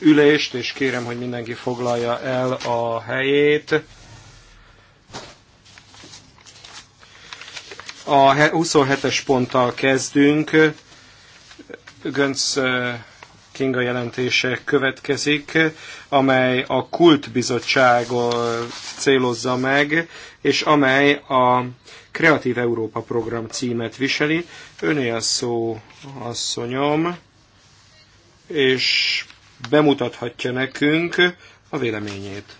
ülést, és kérem, hogy mindenki foglalja el a helyét. A 27-es ponttal kezdünk. Gönc Kinga jelentése következik, amely a kultbizottság célozza meg, és amely a Kreatív Európa program címet viseli. Öné a szó, asszonyom, és bemutathatja nekünk a véleményét.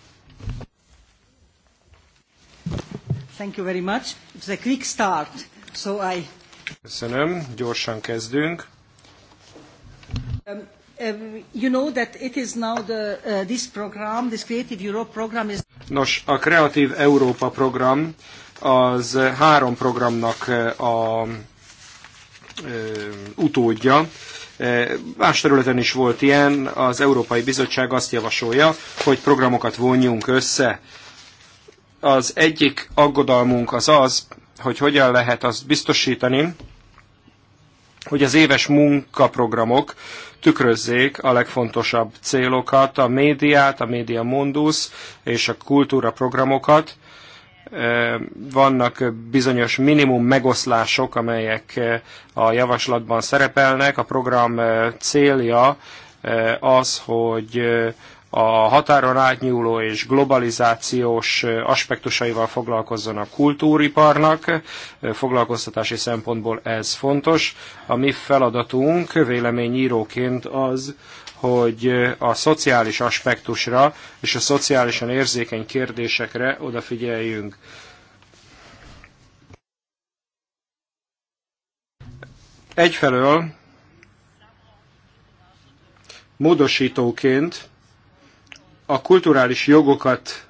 Thank you very much. It's a quick start, so I... Köszönöm, gyorsan kezdünk. Um, um, you know that it is now the, uh, this program, this Creative Europe program is... Nos, a Kreatív Európa program az három programnak a, a, a utódja Más területen is volt ilyen, az Európai Bizottság azt javasolja, hogy programokat vonjunk össze. Az egyik aggodalmunk az az, hogy hogyan lehet azt biztosítani, hogy az éves munkaprogramok tükrözzék a legfontosabb célokat, a médiát, a média mondusz és a kultúra programokat, vannak bizonyos minimum megoszlások, amelyek a javaslatban szerepelnek. A program célja az, hogy a határon átnyúló és globalizációs aspektusaival foglalkozzon a kultúriparnak. Foglalkoztatási szempontból ez fontos. A mi feladatunk véleményíróként az, hogy a szociális aspektusra és a szociálisan érzékeny kérdésekre odafigyeljünk. Egyfelől módosítóként a kulturális jogokat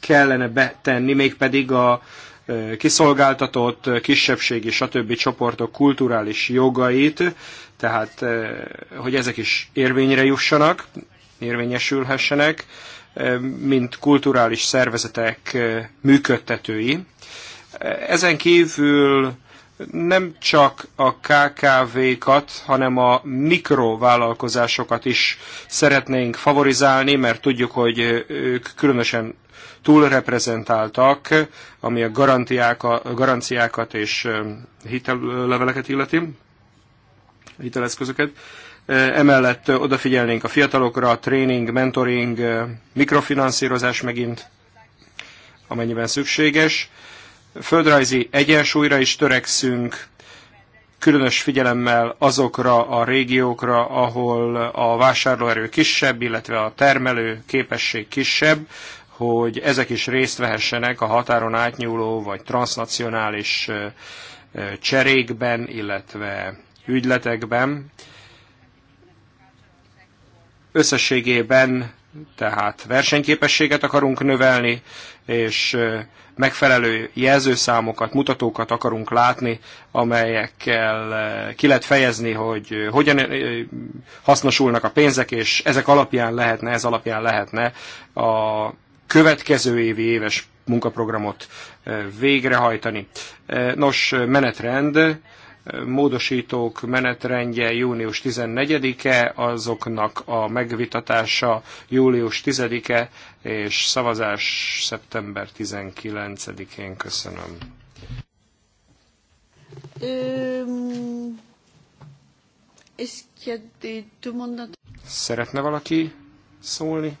kellene betenni, mégpedig a Eh, kiszolgáltatott, eh, kisebbségi, stb. csoportok kulturális jogait, tehát eh, hogy ezek is érvényre jussanak, érvényesülhessenek, mint kulturális szervezetek működtetői. Ezen kívül nem csak a KKV-kat, hanem a mikrovállalkozásokat is szeretnénk favorizálni, mert tudjuk, hogy ők különösen túlreprezentáltak, ami a garanciákat és hitelleveleket illeti, hiteleszközöket. Emellett odafigyelnénk a fiatalokra, tréning, mentoring, mikrofinanszírozás megint, amennyiben szükséges. Földrajzi egyensúlyra is törekszünk, különös figyelemmel azokra a régiókra, ahol a vásárlóerő kisebb, illetve a termelő képesség kisebb, hogy ezek is részt vehessenek a határon átnyúló vagy transnacionális cserékben, illetve ügyletekben. Összességében tehát versenyképességet akarunk növelni, és megfelelő jelzőszámokat, mutatókat akarunk látni, amelyekkel ki lehet fejezni, hogy hogyan hasznosulnak a pénzek, és ezek alapján lehetne, ez alapján lehetne a következő évi éves munkaprogramot eh, végrehajtani. Eh, nos, menetrend, eh, módosítók menetrendje június 14-e, azoknak a megvitatása július 10-e, és szavazás szeptember 19-én. Köszönöm. Szeretne valaki szólni?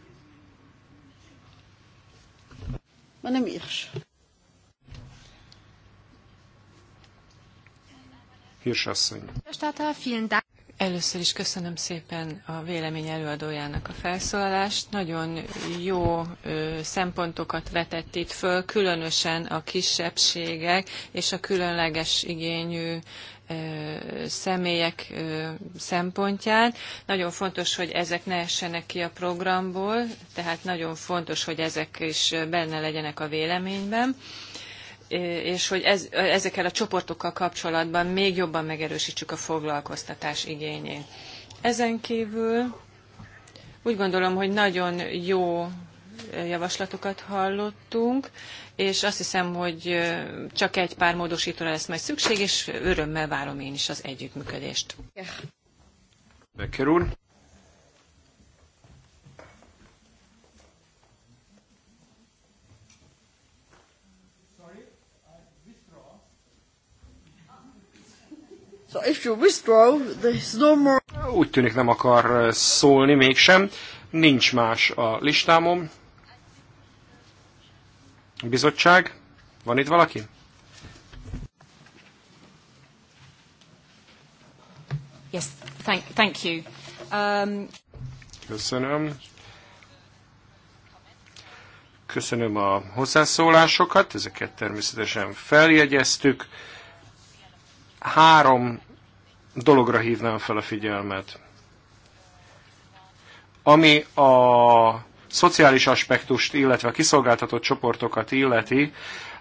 Madame Hirsch. vielen Dank. Először is köszönöm szépen a vélemény előadójának a felszólalást. Nagyon jó szempontokat vetett itt föl, különösen a kisebbségek és a különleges igényű személyek szempontján. Nagyon fontos, hogy ezek ne essenek ki a programból, tehát nagyon fontos, hogy ezek is benne legyenek a véleményben és hogy ez, ezekkel a csoportokkal kapcsolatban még jobban megerősítsük a foglalkoztatás igényét. Ezen kívül úgy gondolom, hogy nagyon jó javaslatokat hallottunk, és azt hiszem, hogy csak egy pár módosítóra lesz majd szükség, és örömmel várom én is az együttműködést. Becker úr. Úgy tűnik nem akar eh, szólni mégsem. Nincs más a listámon. Bizottság? Van itt valaki? Yes, thank, thank you. Um... Köszönöm. Köszönöm a hozzászólásokat, ezeket természetesen feljegyeztük. Három dologra hívnám fel a figyelmet. Ami a szociális aspektust, illetve a kiszolgáltatott csoportokat illeti,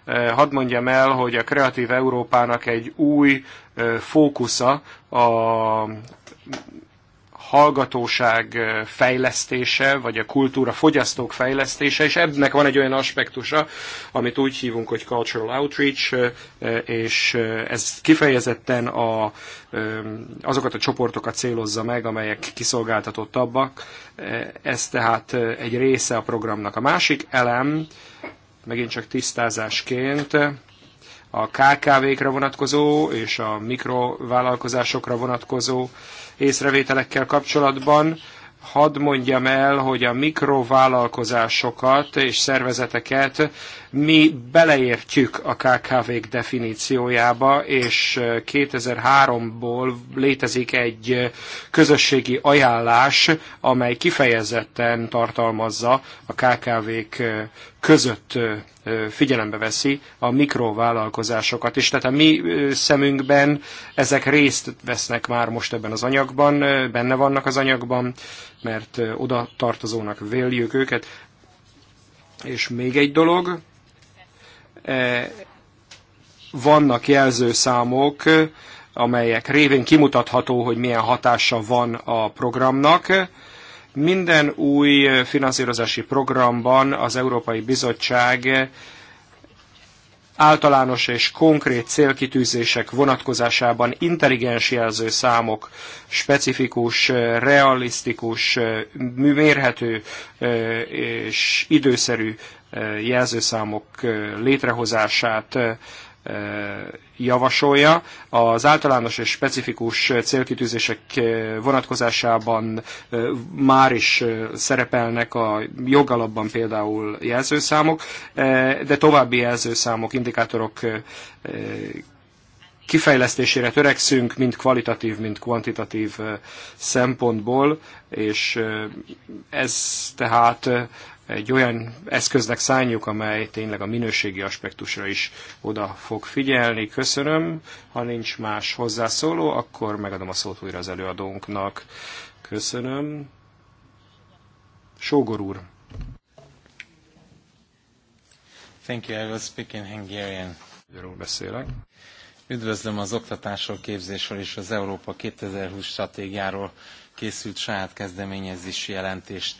eh, hadd mondjam el, hogy a Kreatív Európának egy új eh, fókusza a hallgatóság fejlesztése, vagy a kultúra fogyasztók fejlesztése, és ennek van egy olyan aspektusa, amit úgy hívunk, hogy cultural outreach, és ez kifejezetten a, azokat a csoportokat célozza meg, amelyek kiszolgáltatottabbak. Ez tehát egy része a programnak. A másik elem, megint csak tisztázásként, a KKV-kra vonatkozó és a mikrovállalkozásokra vonatkozó észrevételekkel kapcsolatban. Hadd mondjam el, hogy a mikrovállalkozásokat és szervezeteket mi beleértjük a KKV-k definíciójába, és 2003-ból létezik egy közösségi ajánlás, amely kifejezetten tartalmazza a KKV-k között figyelembe veszi a mikrovállalkozásokat is. Tehát a mi szemünkben ezek részt vesznek már most ebben az anyagban, benne vannak az anyagban, mert oda tartozónak véljük őket. És még egy dolog, vannak jelzőszámok, amelyek révén kimutatható, hogy milyen hatása van a programnak, minden új eh, finanszírozási programban az Európai Bizottság eh, általános és konkrét célkitűzések vonatkozásában intelligens jelzőszámok, specifikus, eh, realisztikus, mérhető és időszerű jelzőszámok létrehozását javasolja. Az általános és specifikus célkitűzések vonatkozásában már is szerepelnek a jogalapban például jelzőszámok, de további jelzőszámok, indikátorok kifejlesztésére törekszünk, mind kvalitatív, mind kvantitatív szempontból, és ez tehát egy olyan eszköznek szálljuk, amely tényleg a minőségi aspektusra is oda fog figyelni. Köszönöm. Ha nincs más hozzászóló, akkor megadom a szót újra az előadónknak. Köszönöm. Sógor úr. Thank you, I will speak in Hungarian. Magyarul beszélek. Üdvözlöm az oktatásról, képzésről és az Európa 2020 stratégiáról készült saját kezdeményezési jelentést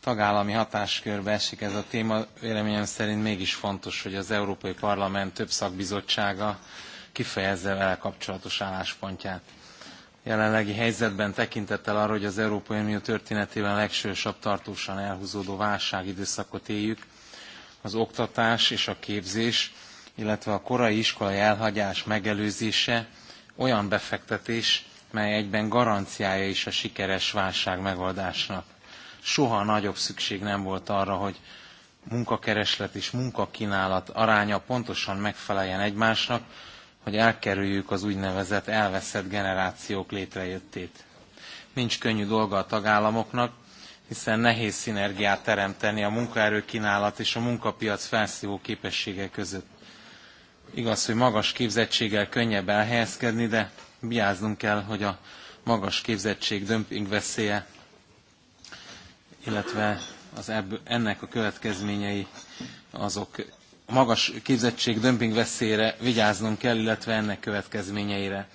tagállami hatáskörbe esik ez a téma, véleményem szerint mégis fontos, hogy az Európai Parlament több szakbizottsága kifejezze vele kapcsolatos álláspontját. Jelenlegi helyzetben tekintettel arra, hogy az Európai Unió történetében legsősabb tartósan elhúzódó válság időszakot éljük, az oktatás és a képzés, illetve a korai iskolai elhagyás megelőzése olyan befektetés, mely egyben garanciája is a sikeres válság megoldásnak soha nagyobb szükség nem volt arra, hogy munkakereslet és munkakínálat aránya pontosan megfeleljen egymásnak, hogy elkerüljük az úgynevezett elveszett generációk létrejöttét. Nincs könnyű dolga a tagállamoknak, hiszen nehéz szinergiát teremteni a munkaerőkínálat és a munkapiac felszívó képessége között. Igaz, hogy magas képzettséggel könnyebb elhelyezkedni, de vigyáznunk kell, hogy a magas képzettség dömping veszélye illetve az ebből, ennek a következményei azok a magas képzettség dömping veszélyére vigyáznunk kell, illetve ennek következményeire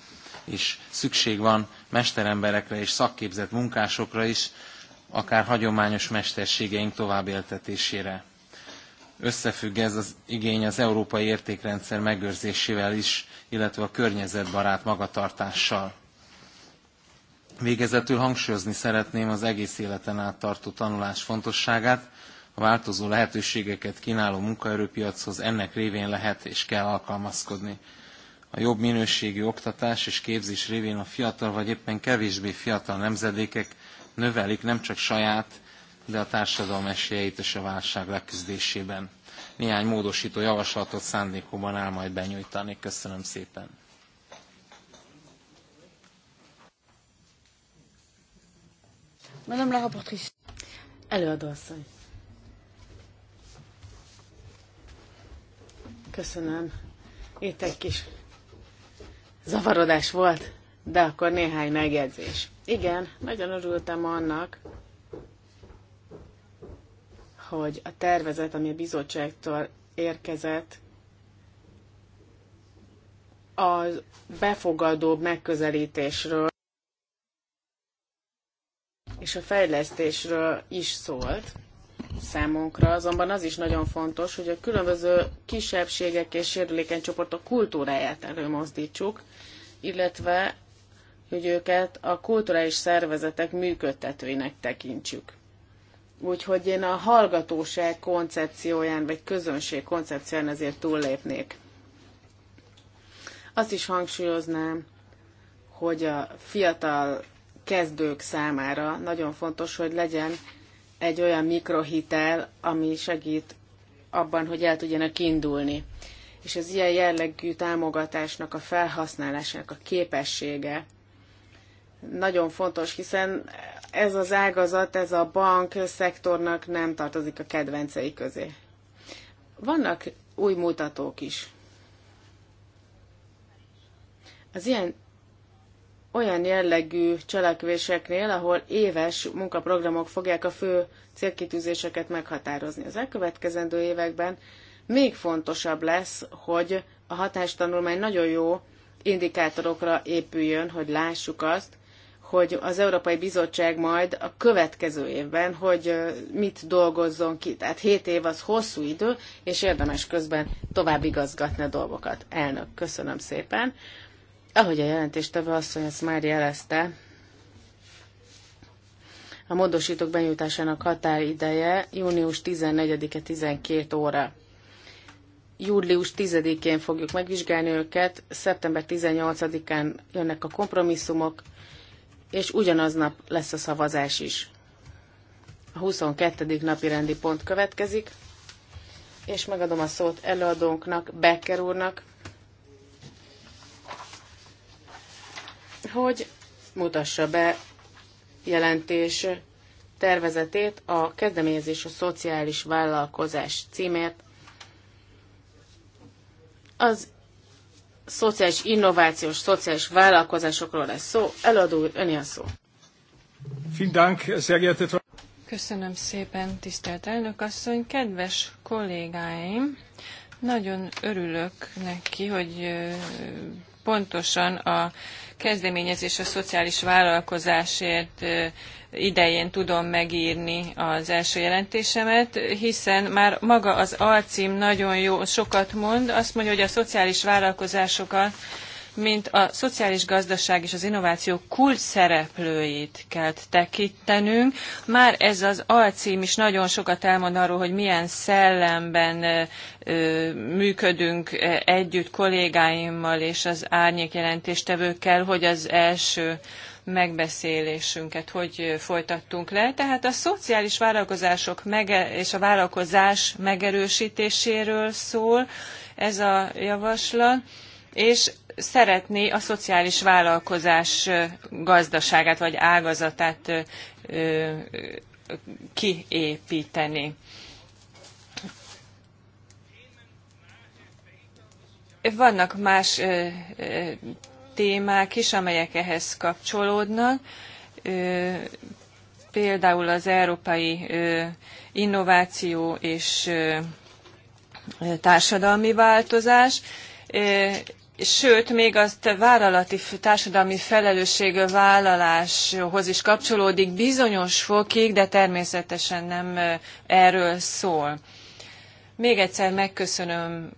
is szükség van mesteremberekre és szakképzett munkásokra is, akár hagyományos mesterségeink továbbéltetésére. Összefügg ez az igény az európai értékrendszer megőrzésével is, illetve a környezetbarát magatartással. Végezetül hangsúlyozni szeretném az egész életen át tartó tanulás fontosságát, a változó lehetőségeket kínáló munkaerőpiachoz ennek révén lehet és kell alkalmazkodni. A jobb minőségű oktatás és képzés révén a fiatal vagy éppen kevésbé fiatal nemzedékek növelik nemcsak saját, de a társadalom esélyeit és a válság leküzdésében. Néhány módosító javaslatot szándékokban áll majd benyújtani. Köszönöm szépen! Madame la rapportrice. Előadó asszony. Köszönöm. Itt egy kis zavarodás volt, de akkor néhány megjegyzés. Igen, nagyon örültem annak, hogy a tervezet, ami a bizottságtól érkezett, a befogadóbb megközelítésről és a fejlesztésről is szólt. Számunkra azonban az is nagyon fontos, hogy a különböző kisebbségek és sérülékeny csoportok kultúráját előmozdítsuk, illetve hogy őket a kulturális szervezetek működtetőinek tekintsük. Úgyhogy én a hallgatóság koncepcióján, vagy közönség koncepcióján ezért túllépnék. Azt is hangsúlyoznám, hogy a fiatal kezdők számára nagyon fontos, hogy legyen egy olyan mikrohitel, ami segít abban, hogy el tudjanak indulni. És az ilyen jellegű támogatásnak a felhasználásának a képessége nagyon fontos, hiszen ez az ágazat, ez a bank szektornak nem tartozik a kedvencei közé. Vannak új mutatók is. Az ilyen olyan jellegű cselekvéseknél, ahol éves munkaprogramok fogják a fő célkitűzéseket meghatározni. Az elkövetkezendő években még fontosabb lesz, hogy a hatástanulmány nagyon jó indikátorokra épüljön, hogy lássuk azt, hogy az Európai Bizottság majd a következő évben, hogy mit dolgozzon ki. Tehát 7 év az hosszú idő, és érdemes közben tovább igazgatni a dolgokat. Elnök, köszönöm szépen. Ahogy a jelentéstevő asszony ezt már jelezte, a módosítók benyújtásának határideje június 14-e 12 óra. Július 10-én fogjuk megvizsgálni őket, szeptember 18-án jönnek a kompromisszumok, és ugyanaznap lesz a szavazás is. A 22. napi rendi pont következik, és megadom a szót előadónknak, Becker úrnak, hogy mutassa be jelentés tervezetét a kezdeményezés a szociális vállalkozás címért. Az szociális innovációs, szociális vállalkozásokról lesz szó. Eladó úr, öné a szó. Köszönöm szépen, tisztelt elnök asszony, kedves kollégáim! Nagyon örülök neki, hogy pontosan a kezdeményezés a szociális vállalkozásért idején tudom megírni az első jelentésemet, hiszen már maga az alcím nagyon jó, sokat mond, azt mondja, hogy a szociális vállalkozásokat mint a szociális gazdaság és az innováció kulcs szereplőit kell tekintenünk. Már ez az alcím is nagyon sokat elmond arról, hogy milyen szellemben működünk együtt kollégáimmal és az árnyék jelentéstevőkkel, hogy az első megbeszélésünket hogy folytattunk le. Tehát a szociális vállalkozások és a vállalkozás megerősítéséről szól ez a javaslat, és szeretné a szociális vállalkozás gazdaságát vagy ágazatát kiépíteni. Vannak más témák is, amelyek ehhez kapcsolódnak. Például az európai innováció és társadalmi változás sőt, még azt vállalati társadalmi felelősség vállaláshoz is kapcsolódik bizonyos fokig, de természetesen nem erről szól. Még egyszer megköszönöm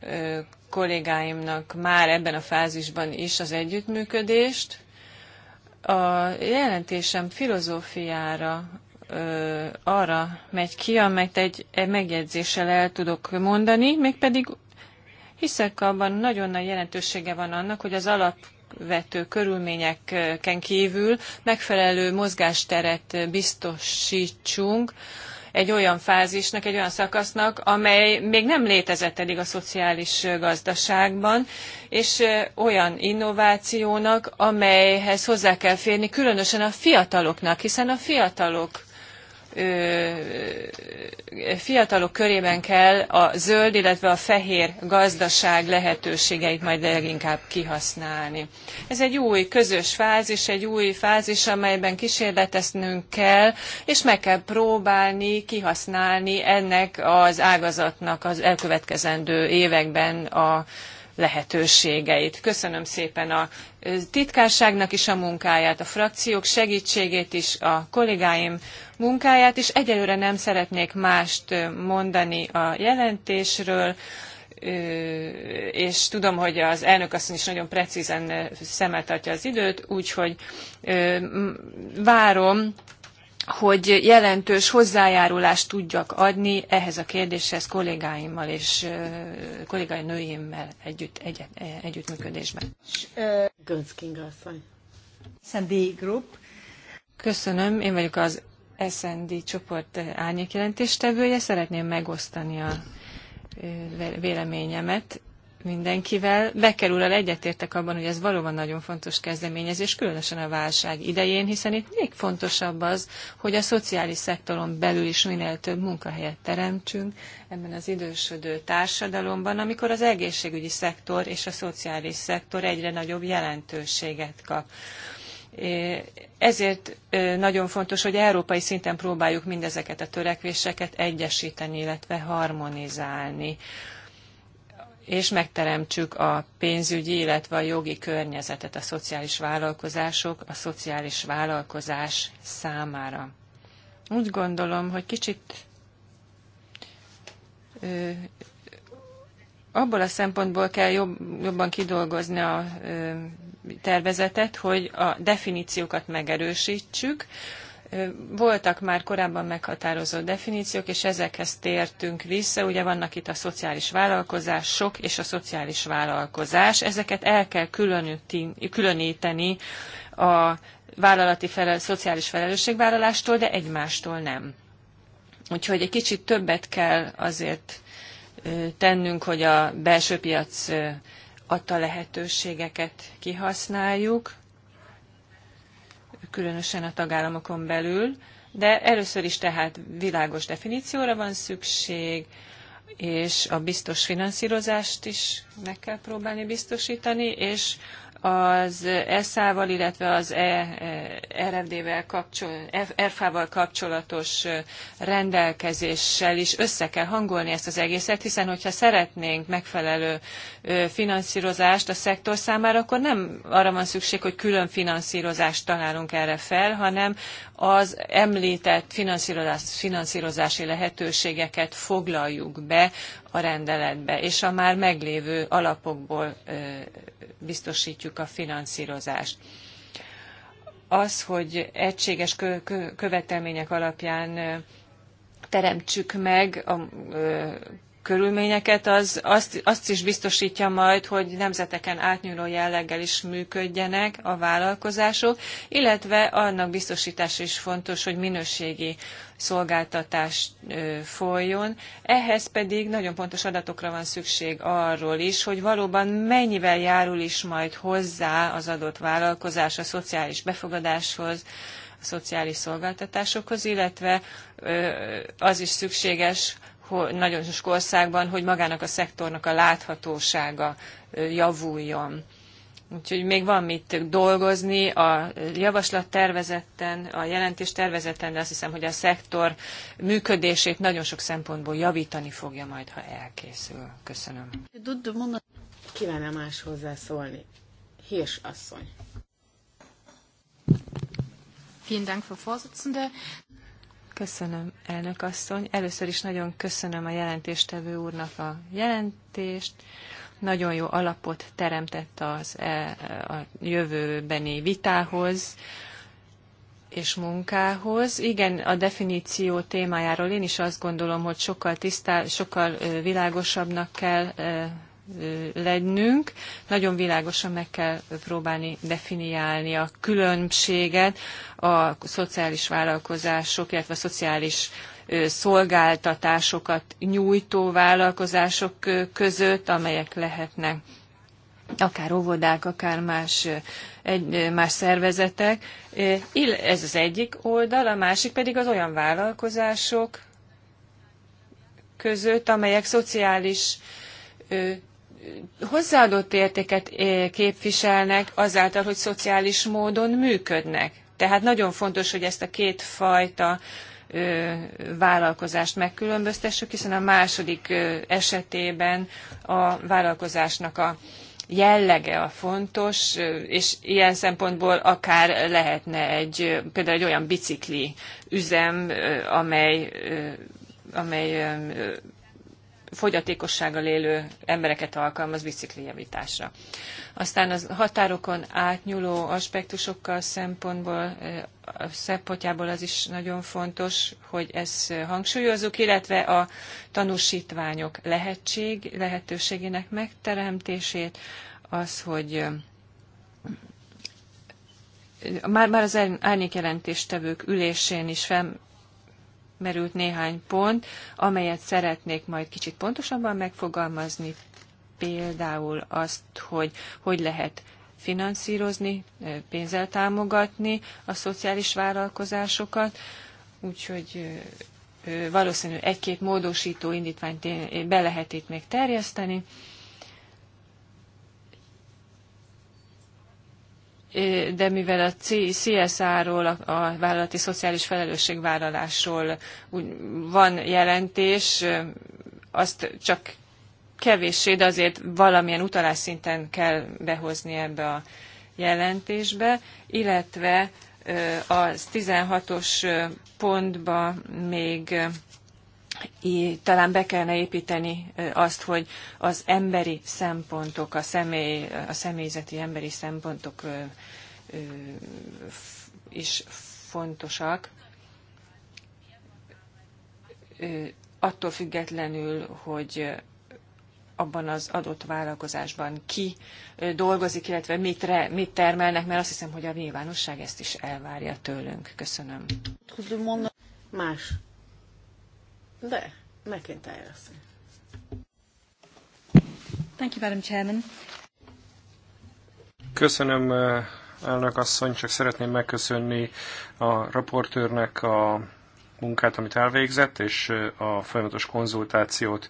kollégáimnak már ebben a fázisban is az együttműködést. A jelentésem filozófiára arra megy ki, amit egy megjegyzéssel el tudok mondani, mégpedig Hiszek abban nagyon nagy jelentősége van annak, hogy az alap vető körülményeken kívül megfelelő mozgásteret biztosítsunk egy olyan fázisnak, egy olyan szakasznak, amely még nem létezett eddig a szociális gazdaságban, és olyan innovációnak, amelyhez hozzá kell férni, különösen a fiataloknak, hiszen a fiatalok fiatalok körében kell a zöld, illetve a fehér gazdaság lehetőségeit majd leginkább kihasználni. Ez egy új közös fázis, egy új fázis, amelyben kísérleteznünk kell, és meg kell próbálni kihasználni ennek az ágazatnak az elkövetkezendő években a lehetőségeit. Köszönöm szépen a titkárságnak is a munkáját, a frakciók segítségét is, a kollégáim munkáját, és egyelőre nem szeretnék mást mondani a jelentésről és tudom, hogy az elnök asszony is nagyon precízen szemmel tartja az időt, úgyhogy várom hogy jelentős hozzájárulást tudjak adni ehhez a kérdéshez kollégáimmal és kollégai nőimmel együtt, egy, együttműködésben. Göncking Group. Köszönöm, én vagyok az SND csoport árnyékjelentéstevője, szeretném megosztani a véleményemet mindenkivel. Becker úrral egyetértek abban, hogy ez valóban nagyon fontos kezdeményezés, különösen a válság idején, hiszen itt még fontosabb az, hogy a szociális szektoron belül is minél több munkahelyet teremtsünk ebben az idősödő társadalomban, amikor az egészségügyi szektor és a szociális szektor egyre nagyobb jelentőséget kap. Ezért nagyon fontos, hogy európai szinten próbáljuk mindezeket a törekvéseket egyesíteni, illetve harmonizálni és megteremtsük a pénzügyi, illetve a jogi környezetet a szociális vállalkozások, a szociális vállalkozás számára. Úgy gondolom, hogy kicsit ö, abból a szempontból kell jobb, jobban kidolgozni a ö, tervezetet, hogy a definíciókat megerősítsük, voltak már korábban meghatározott definíciók, és ezekhez tértünk vissza. Ugye vannak itt a szociális vállalkozások és a szociális vállalkozás. Ezeket el kell különíteni a vállalati felel, szociális felelősségvállalástól, de egymástól nem. Úgyhogy egy kicsit többet kell azért tennünk, hogy a belső piac adta lehetőségeket kihasználjuk különösen a tagállamokon belül, de először is tehát világos definícióra van szükség, és a biztos finanszírozást is meg kell próbálni biztosítani, és az ESZ-val, illetve az e, e, RFD-vel val kapcsolatos rendelkezéssel is össze kell hangolni ezt az egészet, hiszen hogyha szeretnénk megfelelő finanszírozást a szektor számára, akkor nem arra van szükség, hogy külön finanszírozást találunk erre fel, hanem az említett finanszírozás, finanszírozási lehetőségeket foglaljuk be a rendeletbe, és a már meglévő alapokból biztosítjuk a finanszírozást. Az, hogy egységes követelmények alapján teremtsük meg a körülményeket, az azt, azt is biztosítja majd, hogy nemzeteken átnyúló jelleggel is működjenek a vállalkozások, illetve annak biztosítása is fontos, hogy minőségi szolgáltatás folyjon. Ehhez pedig nagyon pontos adatokra van szükség arról is, hogy valóban mennyivel járul is majd hozzá az adott vállalkozás a szociális befogadáshoz, a szociális szolgáltatásokhoz, illetve az is szükséges, nagyon sok országban, hogy magának a szektornak a láthatósága javuljon. Úgyhogy még van mit dolgozni a javaslattervezetten, a jelentés tervezetten, de azt hiszem, hogy a szektor működését nagyon sok szempontból javítani fogja majd, ha elkészül. Köszönöm. Kívánom más hozzászólni. Hirs asszony. Vielen Dank, Frau Vorsitzende. Köszönöm, elnök asszony. Először is nagyon köszönöm a jelentéstevő úrnak a jelentést. Nagyon jó alapot teremtett az, e, a jövőbeni vitához és munkához. Igen, a definíció témájáról én is azt gondolom, hogy sokkal tisztá, sokkal világosabbnak kell lennünk. Nagyon világosan meg kell próbálni definiálni a különbséget a szociális vállalkozások, illetve a szociális szolgáltatásokat nyújtó vállalkozások között, amelyek lehetnek akár óvodák, akár más, egy, más szervezetek. Ez az egyik oldal, a másik pedig az olyan vállalkozások között, amelyek szociális hozzáadott értéket eh, képviselnek azáltal, hogy szociális módon működnek. Tehát nagyon fontos, hogy ezt a két fajta vállalkozást megkülönböztessük, hiszen a második esetében a vállalkozásnak a jellege a fontos, és ilyen szempontból akár lehetne egy, például egy olyan bicikli üzem, amely, amely fogyatékossággal élő embereket alkalmaz biciklijavításra. Aztán a határokon átnyúló aspektusokkal szempontból, eh, szempontjából az is nagyon fontos, hogy ezt hangsúlyozzuk, illetve a tanúsítványok lehetség, lehetőségének megteremtését, az, hogy eh, már, már az árnyékjelentéstevők ülésén is fel, felmerült néhány pont, amelyet szeretnék majd kicsit pontosabban megfogalmazni, például azt, hogy hogy lehet finanszírozni, pénzzel támogatni a szociális vállalkozásokat, úgyhogy valószínű egy-két módosító indítványt be lehet itt még terjeszteni. de mivel a CSR-ról, a vállalati szociális felelősségvállalásról van jelentés, azt csak kevéssé, de azért valamilyen utalás szinten kell behozni ebbe a jelentésbe, illetve az 16-os pontba még talán be kellene építeni azt, hogy az emberi szempontok, a, személy, a személyzeti emberi szempontok is fontosak. Attól függetlenül, hogy abban az adott vállalkozásban ki dolgozik, illetve mit, re, mit termelnek, mert azt hiszem, hogy a nyilvánosság ezt is elvárja tőlünk. Köszönöm. Más de, McIntyre asszony. Thank you, Madam Chairman. Köszönöm, eh, elnök asszony, csak szeretném megköszönni a raportőrnek a munkát, amit elvégzett, és eh, a folyamatos konzultációt.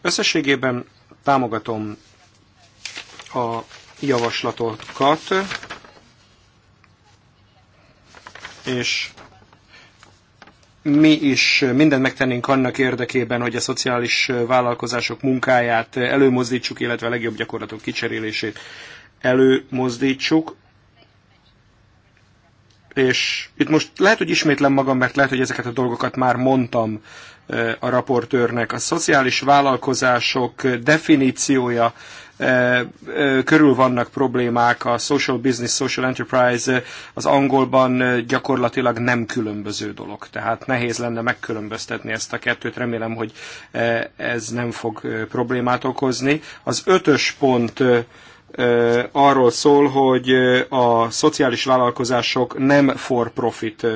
Összességében támogatom a javaslatokat, és mi is mindent megtennénk annak érdekében, hogy a szociális vállalkozások munkáját előmozdítsuk, illetve a legjobb gyakorlatok kicserélését előmozdítsuk. És itt most lehet, hogy ismétlem magam, mert lehet, hogy ezeket a dolgokat már mondtam a raportőrnek. A szociális vállalkozások definíciója e, e, körül vannak problémák, a social business, social enterprise az angolban e, gyakorlatilag nem különböző dolog, tehát nehéz lenne megkülönböztetni ezt a kettőt, remélem, hogy ez nem fog problémát okozni. Az ötös pont arról szól, hogy a szociális vállalkozások nem for-profit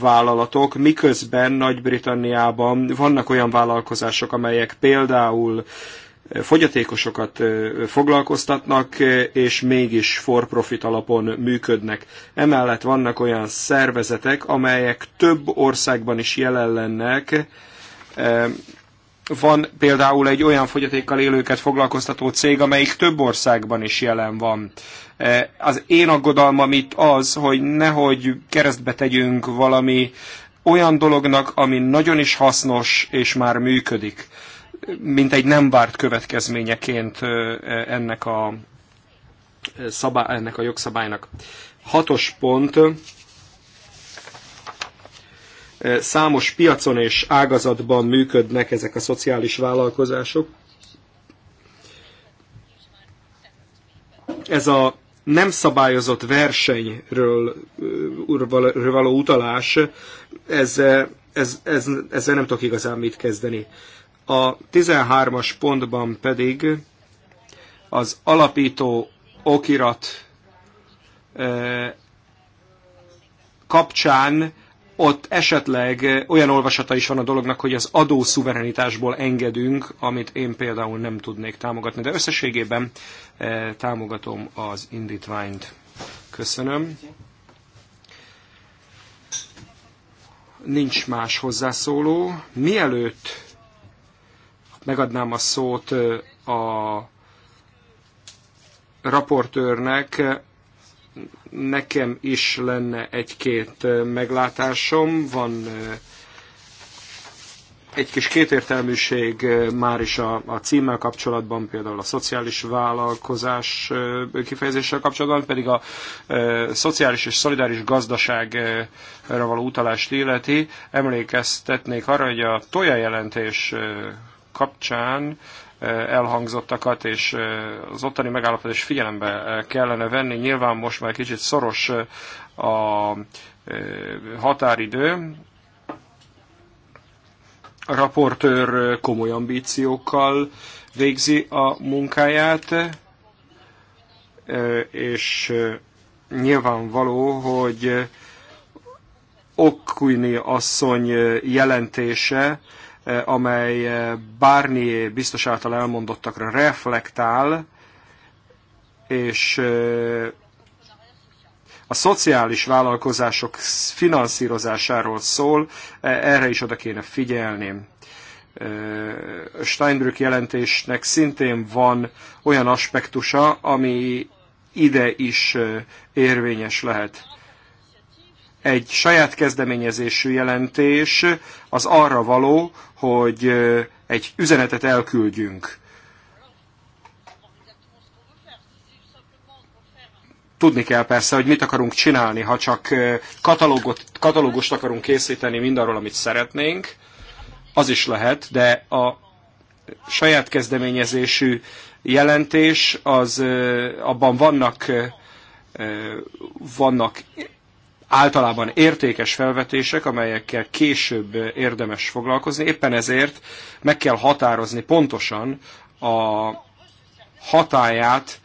vállalatok, miközben Nagy-Britanniában vannak olyan vállalkozások, amelyek például fogyatékosokat foglalkoztatnak, és mégis for-profit alapon működnek. Emellett vannak olyan szervezetek, amelyek több országban is jelen lennek, van például egy olyan fogyatékkal élőket foglalkoztató cég, amelyik több országban is jelen van. E, az én aggodalmam itt az, hogy nehogy keresztbe tegyünk valami olyan dolognak, ami nagyon is hasznos és már működik, mint egy nem várt következményeként e, ennek a, e, szabály, ennek a jogszabálynak. Hatos pont, E, számos piacon és ágazatban működnek ezek a szociális vállalkozások. Ez a nem szabályozott versenyről e, való utalás, ez, e, ez, ez, ezzel nem tudok igazán mit kezdeni. A 13-as pontban pedig az alapító okirat kapcsán ott esetleg olyan olvasata is van a dolognak, hogy az szuverenitásból engedünk, amit én például nem tudnék támogatni. De összességében támogatom az indítványt. Köszönöm. Nincs más hozzászóló. Mielőtt megadnám a szót a raportőrnek, nekem is lenne egy-két meglátásom, van egy kis kétértelműség már is a, a címmel kapcsolatban, például a szociális vállalkozás kifejezéssel kapcsolatban, pedig a e, szociális és szolidáris gazdaságra való utalást illeti. Emlékeztetnék arra, hogy a tojajelentés jelentés kapcsán elhangzottakat, és az ottani megállapodás figyelembe kellene venni. Nyilván most már kicsit szoros a határidő. A raportőr komoly ambíciókkal végzi a munkáját, és nyilvánvaló, hogy Okkuini asszony jelentése Eh, amely eh, Barnier biztos által elmondottakra reflektál, és eh, a szociális vállalkozások finanszírozásáról szól, erre is oda kéne figyelni. Steinbrück jelentésnek szintén van olyan aspektusa, ami ide is érvényes lehet egy saját kezdeményezésű jelentés az arra való, hogy egy üzenetet elküldjünk. Tudni kell persze, hogy mit akarunk csinálni, ha csak katalógot, katalógust akarunk készíteni mindarról, amit szeretnénk, az is lehet, de a saját kezdeményezésű jelentés, az abban vannak vannak általában értékes felvetések, amelyekkel később érdemes foglalkozni. Éppen ezért meg kell határozni pontosan a hatáját,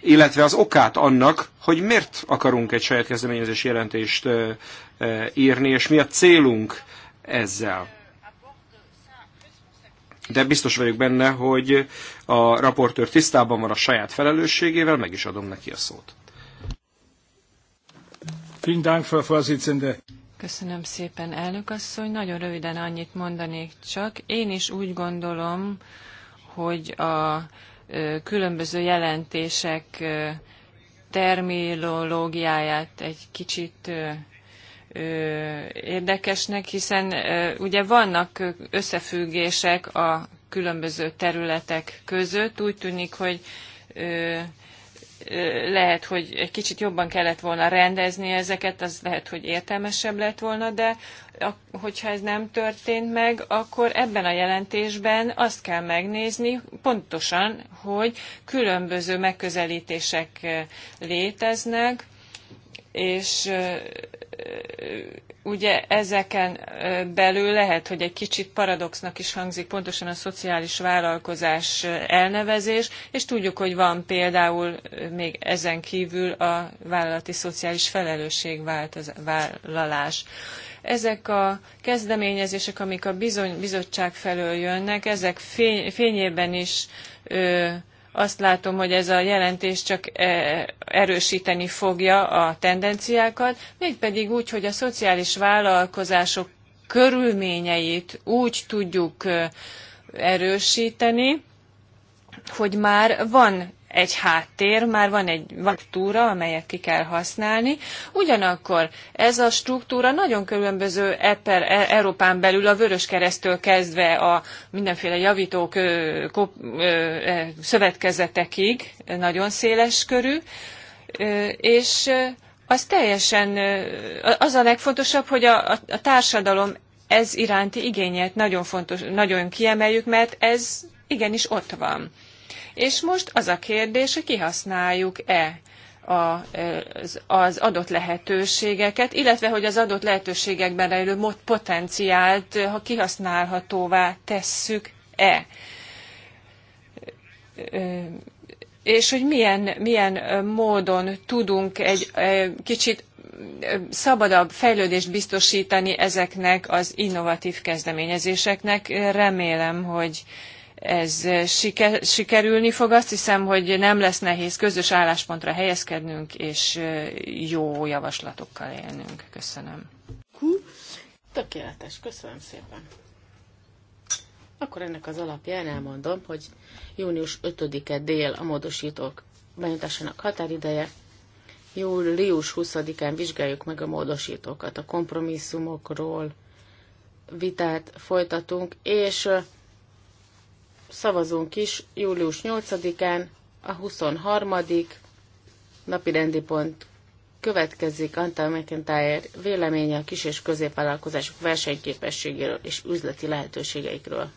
illetve az okát annak, hogy miért akarunk egy saját kezdeményezés jelentést írni, és mi a célunk ezzel. De biztos vagyok benne, hogy a raportőr tisztában van a saját felelősségével, meg is adom neki a szót. Köszönöm szépen, elnök asszony. Nagyon röviden annyit mondanék csak. Én is úgy gondolom, hogy a különböző jelentések terminológiáját egy kicsit érdekesnek, hiszen ugye vannak összefüggések a különböző területek között. Úgy tűnik, hogy lehet, hogy egy kicsit jobban kellett volna rendezni ezeket, az lehet, hogy értelmesebb lett volna, de hogyha ez nem történt meg, akkor ebben a jelentésben azt kell megnézni pontosan, hogy különböző megközelítések eh, léteznek, és ugye ezeken belül lehet, hogy egy kicsit paradoxnak is hangzik pontosan a szociális vállalkozás elnevezés, és tudjuk, hogy van például még ezen kívül a vállalati szociális felelősségvállalás. Ezek a kezdeményezések, amik a bizony, bizottság felől jönnek, ezek fény, fényében is ö, azt látom, hogy ez a jelentés csak e, erősíteni fogja a tendenciákat, mégpedig úgy, hogy a szociális vállalkozások körülményeit úgy tudjuk e, erősíteni, hogy már van egy háttér, már van egy struktúra, amelyet ki kell használni. Ugyanakkor ez a struktúra nagyon különböző eper, e, Európán belül, a vörös keresztől kezdve a mindenféle javítók ö, szövetkezetekig, nagyon széles körű, és az teljesen, az a legfontosabb, hogy a, a társadalom ez iránti igényet nagyon fontos, nagyon kiemeljük, mert ez igenis ott van. És most az a kérdés, hogy kihasználjuk-e az adott lehetőségeket, illetve hogy az adott lehetőségekben rejlő potenciált, eh, ha kihasználhatóvá tesszük-e és hogy milyen, milyen módon tudunk egy kicsit szabadabb fejlődést biztosítani ezeknek az innovatív kezdeményezéseknek. Remélem, hogy ez eh, sikerülni fog. Azt hiszem, hogy nem lesz nehéz közös álláspontra helyezkednünk, és eh, jó javaslatokkal élnünk. Köszönöm. Tökéletes, köszönöm szépen. Akkor ennek az alapján elmondom, hogy június 5-e dél a módosítók benyújtásának határideje, július 20-án vizsgáljuk meg a módosítókat, a kompromisszumokról vitát folytatunk, és eh, szavazunk is július 8-án, a 23. napi rendi pont következik Antal McIntyre véleménye a kis- és középvállalkozások versenyképességéről és üzleti lehetőségeikről.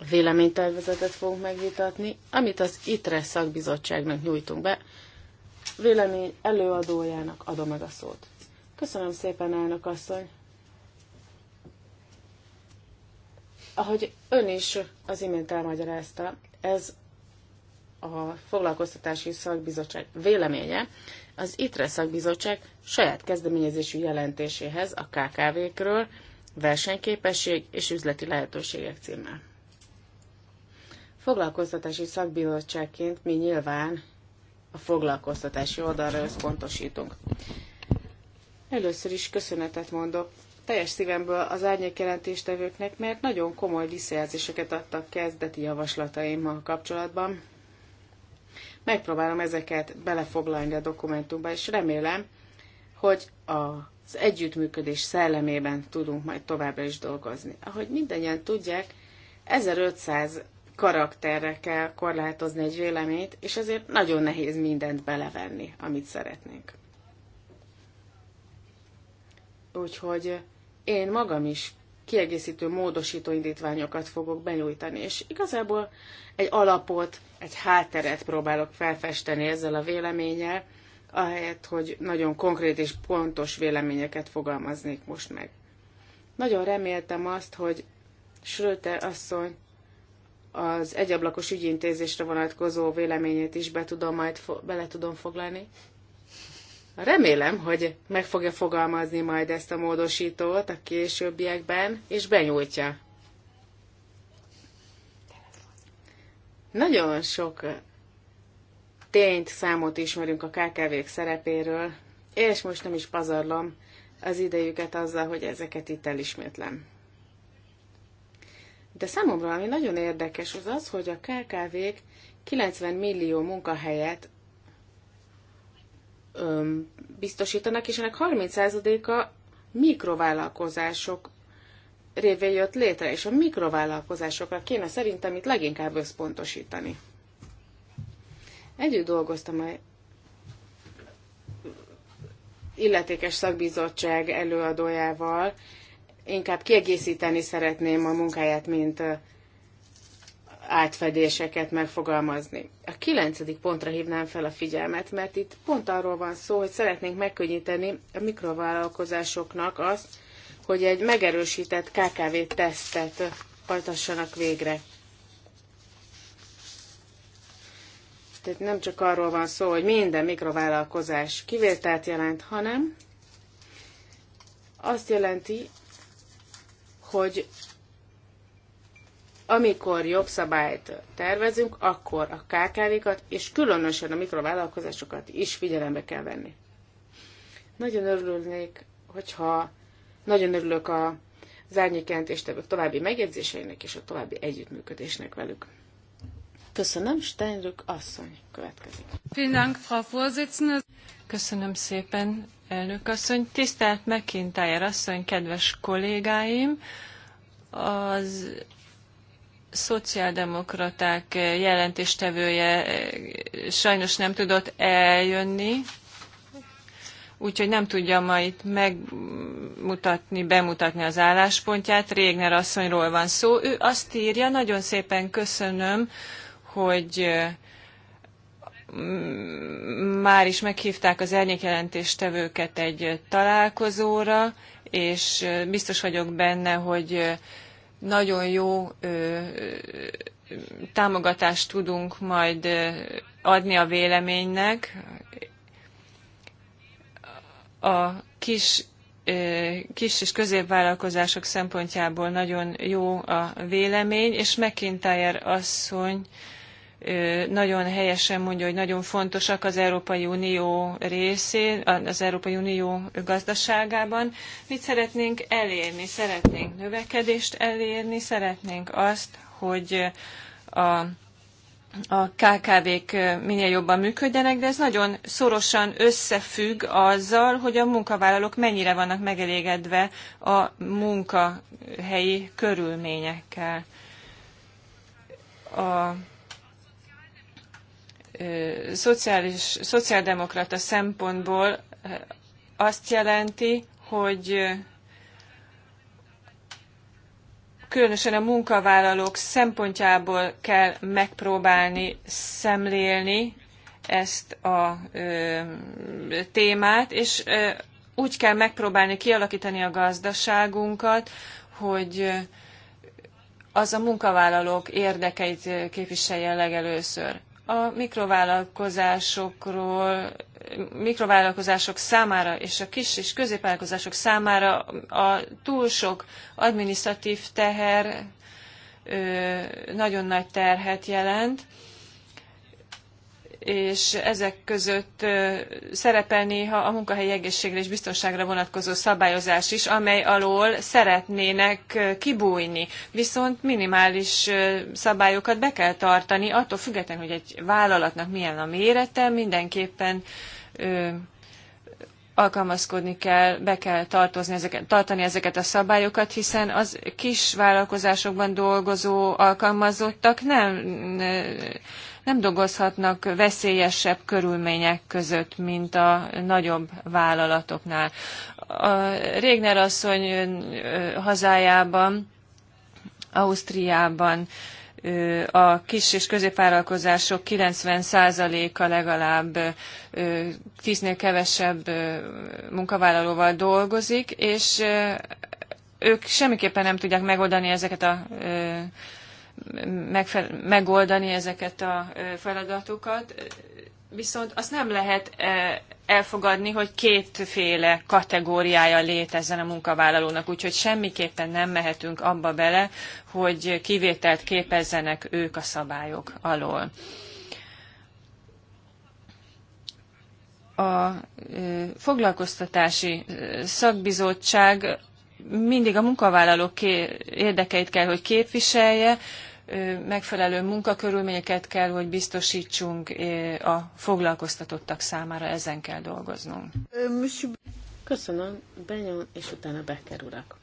A Véleménytervezetet fogunk megvitatni, amit az ITRE szakbizottságnak nyújtunk be. Vélemény előadójának adom meg a szót. Köszönöm szépen, elnök asszony! Ahogy ön is az imént elmagyarázta, ez a foglalkoztatási szakbizottság véleménye az ITRE szakbizottság saját kezdeményezésű jelentéséhez a KKV-kről versenyképesség és üzleti lehetőségek címmel. Foglalkoztatási szakbizottságként mi nyilván a foglalkoztatási oldalra összpontosítunk. Először is köszönetet mondok teljes szívemből az árnyék jelentéstevőknek, mert nagyon komoly visszajelzéseket adtak kezdeti javaslataimmal kapcsolatban. Megpróbálom ezeket belefoglalni a dokumentumba, és remélem, hogy az együttműködés szellemében tudunk majd továbbra is dolgozni. Ahogy mindannyian tudják, 1500 karakterre kell korlátozni egy véleményt, és ezért nagyon nehéz mindent belevenni, amit szeretnénk. Úgyhogy én magam is kiegészítő módosító indítványokat fogok benyújtani, és igazából egy alapot, egy hátteret próbálok felfesteni ezzel a véleménnyel, ahelyett, hogy nagyon konkrét és pontos véleményeket fogalmaznék most meg. Nagyon reméltem azt, hogy Schröter asszony az egyablakos ügyintézésre vonatkozó véleményét is be tudom majd bele tudom foglalni, Remélem, hogy meg fogja fogalmazni majd ezt a módosítót a későbbiekben, és benyújtja. Nagyon sok tényt, számot ismerünk a KKV-k szerepéről, és most nem is pazarlom az idejüket azzal, hogy ezeket itt elismétlem. De számomra, ami nagyon érdekes, az az, hogy a KKV-k 90 millió munkahelyet öm, biztosítanak, és ennek 30%-a mikrovállalkozások révén jött létre, és a mikrovállalkozásokra kéne szerintem itt leginkább összpontosítani. Együtt dolgoztam a illetékes szakbizottság előadójával, inkább kiegészíteni szeretném a munkáját, mint átfedéseket megfogalmazni. A kilencedik pontra hívnám fel a figyelmet, mert itt pont arról van szó, hogy szeretnénk megkönnyíteni a mikrovállalkozásoknak azt, hogy egy megerősített KKV-tesztet hajtassanak végre. Tehát nem csak arról van szó, hogy minden mikrovállalkozás kivételt jelent, hanem azt jelenti, hogy amikor jogszabályt tervezünk, akkor a KKV-kat és különösen a mikrovállalkozásokat is figyelembe kell venni. Nagyon örülnék, hogyha nagyon örülök a és árnyékjelentéstevők további megjegyzéseinek és a további együttműködésnek velük. Köszönöm, Steinrück asszony következik. Frau Vorsitzende. Köszönöm szépen, elnök asszony. Tisztelt McIntyre asszony, kedves kollégáim! Az szociáldemokraták jelentéstevője eh, sajnos nem tudott eljönni, úgyhogy nem tudja ma itt megmutatni, bemutatni az álláspontját. Régner asszonyról van szó. Ő azt írja, nagyon szépen köszönöm, hogy eh, már is meghívták az elnyékjelentéstevőket egy találkozóra, és eh, biztos vagyok benne, hogy nagyon jó támogatást tudunk majd adni a véleménynek. A kis kis és középvállalkozások szempontjából nagyon jó a vélemény, és McIntyre asszony nagyon helyesen mondja, hogy nagyon fontosak az Európai Unió részén, az Európai Unió gazdaságában. Mit szeretnénk elérni? Szeretnénk növekedést elérni, szeretnénk azt, hogy a a KKV-k minél jobban működjenek, de ez nagyon szorosan összefügg azzal, hogy a munkavállalók mennyire vannak megelégedve a munkahelyi körülményekkel. A szociális, szociáldemokrata szempontból azt jelenti, hogy különösen a munkavállalók szempontjából kell megpróbálni szemlélni ezt a ö, témát, és ö, úgy kell megpróbálni kialakítani a gazdaságunkat, hogy az a munkavállalók érdekeit képviselje legelőször a mikrovállalkozásokról, mikrovállalkozások számára és a kis és középvállalkozások számára a túl sok adminisztratív teher nagyon nagy terhet jelent, és ezek között szerepel néha a munkahelyi egészségre és biztonságra vonatkozó szabályozás is, amely alól szeretnének kibújni. Viszont minimális szabályokat be kell tartani, attól függetlenül, hogy egy vállalatnak milyen a mérete, mindenképpen alkalmazkodni kell, be kell tartozni ezeket, tartani ezeket a szabályokat, hiszen az kis vállalkozásokban dolgozó alkalmazottak nem, nem dolgozhatnak veszélyesebb körülmények között, mint a nagyobb vállalatoknál. A Régner asszony hazájában, Ausztriában a kis és középvállalkozások 90%-a legalább 10-nél kevesebb munkavállalóval dolgozik, és ők semmiképpen nem tudják megoldani ezeket a megoldani ezeket a feladatokat viszont azt nem lehet e, elfogadni, hogy kétféle kategóriája létezzen a munkavállalónak, úgyhogy semmiképpen nem mehetünk abba bele, hogy kivételt képezzenek ők a szabályok alól. A e, foglalkoztatási e, szakbizottság mindig a munkavállalók érdekeit kell, hogy képviselje, megfelelő munkakörülményeket kell, hogy biztosítsunk a foglalkoztatottak számára, ezen kell dolgoznunk. Köszönöm, Benyon, és utána Becker urak.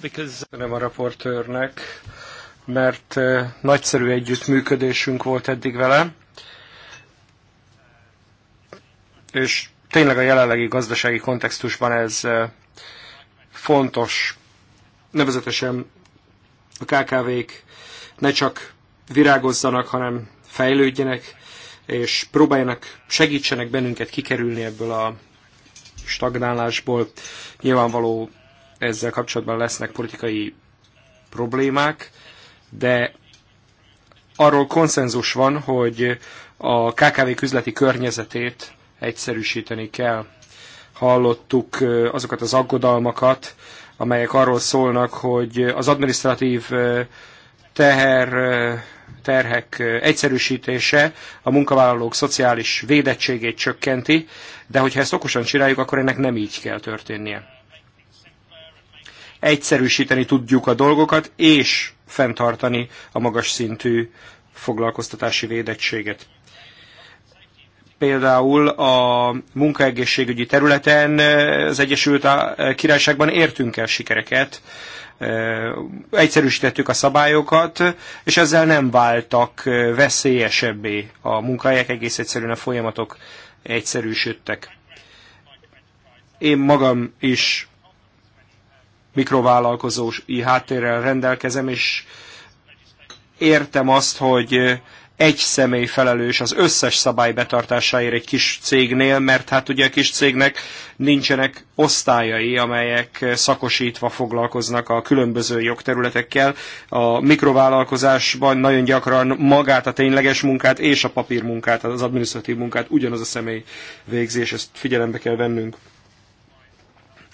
Because... Köszönöm a raportőrnek, mert nagyszerű együttműködésünk volt eddig vele, és tényleg a jelenlegi gazdasági kontextusban ez fontos nevezetesen a KKV-k ne csak virágozzanak, hanem fejlődjenek, és próbáljanak, segítsenek bennünket kikerülni ebből a stagnálásból. Nyilvánvaló ezzel kapcsolatban lesznek politikai problémák, de arról konszenzus van, hogy a KKV üzleti környezetét egyszerűsíteni kell. Hallottuk azokat az aggodalmakat, amelyek arról szólnak, hogy az administratív teher, terhek egyszerűsítése a munkavállalók szociális védettségét csökkenti, de hogyha ezt okosan csináljuk, akkor ennek nem így kell történnie. Egyszerűsíteni tudjuk a dolgokat, és fenntartani a magas szintű foglalkoztatási védettséget például a munkaegészségügyi területen eh, az Egyesült eh, Királyságban értünk el sikereket, eh, egyszerűsítettük a szabályokat, és ezzel nem váltak veszélyesebbé a munkahelyek, egész egyszerűen a folyamatok egyszerűsödtek. Én magam is mikrovállalkozói háttérrel rendelkezem, és értem azt, hogy egy személy felelős az összes szabály betartásáért egy kis cégnél, mert hát ugye a kis cégnek nincsenek osztályai, amelyek szakosítva foglalkoznak a különböző jogterületekkel. A mikrovállalkozásban nagyon gyakran magát a tényleges munkát és a papírmunkát, az adminisztratív munkát ugyanaz a személy végzi, és ezt figyelembe kell vennünk.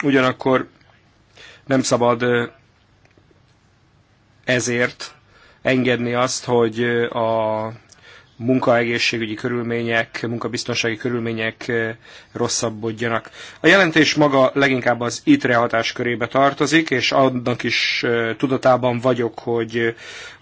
Ugyanakkor nem szabad ezért engedni azt, hogy a munkaegészségügyi körülmények, munkabiztonsági körülmények rosszabbodjanak. A jelentés maga leginkább az ITRE hatáskörébe tartozik, és annak is tudatában vagyok, hogy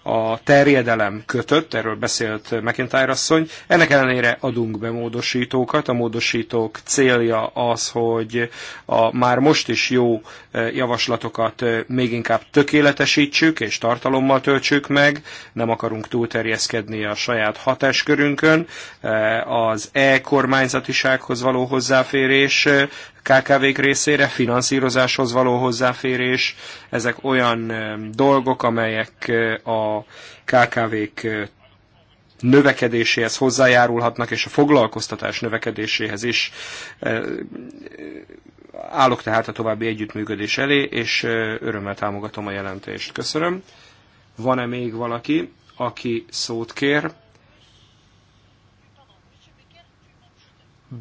a terjedelem kötött, erről beszélt McIntyre asszony. Ennek ellenére adunk be módosítókat. A módosítók célja az, hogy a már most is jó eh, javaslatokat eh, még inkább tökéletesítsük és tartalommal töltsük meg. Nem akarunk túlterjeszkedni a saját hatáskörünkön. Eh, az e-kormányzatisághoz való hozzáférés KKV-k részére, finanszírozáshoz való hozzáférés, ezek olyan dolgok, amelyek a KKV-k növekedéséhez hozzájárulhatnak, és a foglalkoztatás növekedéséhez is állok tehát a további együttműködés elé, és örömmel támogatom a jelentést. Köszönöm. Van-e még valaki, aki szót kér?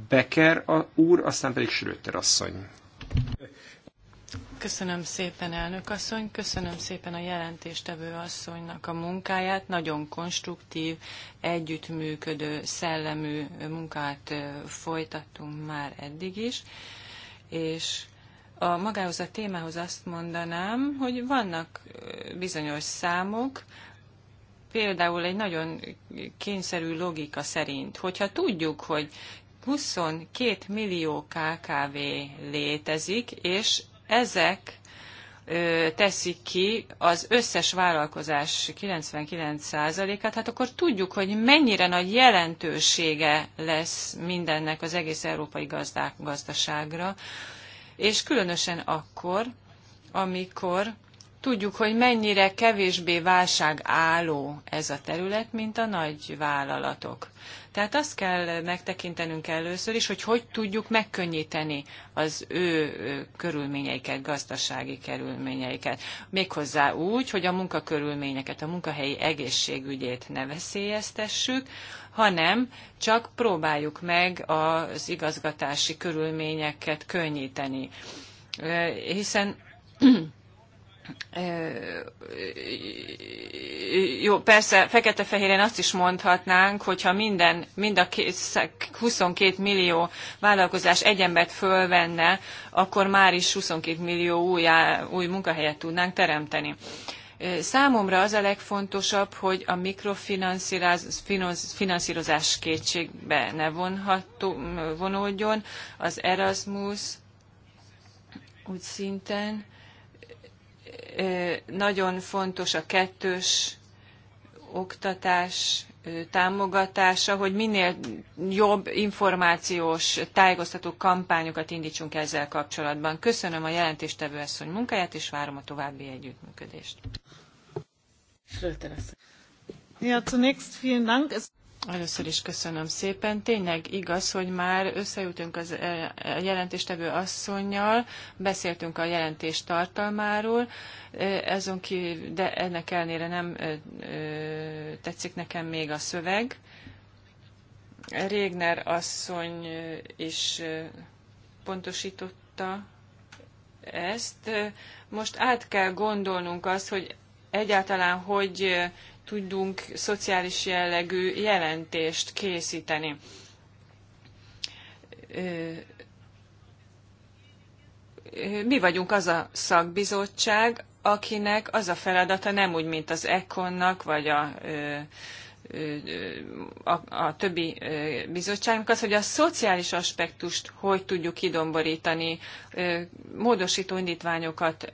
Becker úr, aztán pedig Schröter asszony. Köszönöm szépen, elnök asszony, köszönöm szépen a jelentéstevő asszonynak a munkáját. Nagyon konstruktív, együttműködő, szellemű munkát folytattunk már eddig is, és a magához a témához azt mondanám, hogy vannak bizonyos számok, például egy nagyon kényszerű logika szerint, hogyha tudjuk, hogy 22 millió KKV létezik, és ezek teszik ki az összes vállalkozás 99%-át, hát akkor tudjuk, hogy mennyire nagy jelentősége lesz mindennek az egész európai gazdák, gazdaságra, és különösen akkor, amikor Tudjuk, hogy mennyire kevésbé válságálló ez a terület, mint a nagy vállalatok. Tehát azt kell megtekintenünk először is, hogy hogy tudjuk megkönnyíteni az ő körülményeiket, gazdasági körülményeiket. Méghozzá úgy, hogy a munkakörülményeket, a munkahelyi egészségügyét ne veszélyeztessük, hanem csak próbáljuk meg az igazgatási körülményeket könnyíteni. Hiszen jó, persze fekete-fehéren azt is mondhatnánk, hogyha minden, mind a 22 millió vállalkozás egy embert fölvenne, akkor már is 22 millió új, új munkahelyet tudnánk teremteni. Számomra az a legfontosabb, hogy a mikrofinanszírozás kétségbe ne vonható, vonódjon, az Erasmus úgy szinten, nagyon fontos a kettős oktatás támogatása, hogy minél jobb információs tájékoztató kampányokat indítsunk ezzel kapcsolatban. Köszönöm a jelentéstevő asszony munkáját, és várom a további együttműködést. Ja, zunächst vielen Dank. Először is köszönöm szépen. Tényleg igaz, hogy már összejutunk az e, jelentéstevő asszonynal, beszéltünk a jelentés tartalmáról, ezon ki, de ennek ellenére nem e, e, tetszik nekem még a szöveg. Régner asszony is pontosította ezt. Most át kell gondolnunk azt, hogy egyáltalán hogy tudjunk szociális jellegű jelentést készíteni. Mi vagyunk az a szakbizottság, akinek az a feladata nem úgy, mint az ECON-nak, vagy a, a, a többi bizottságnak, az, hogy a szociális aspektust hogy tudjuk kidomborítani. Módosító indítványokat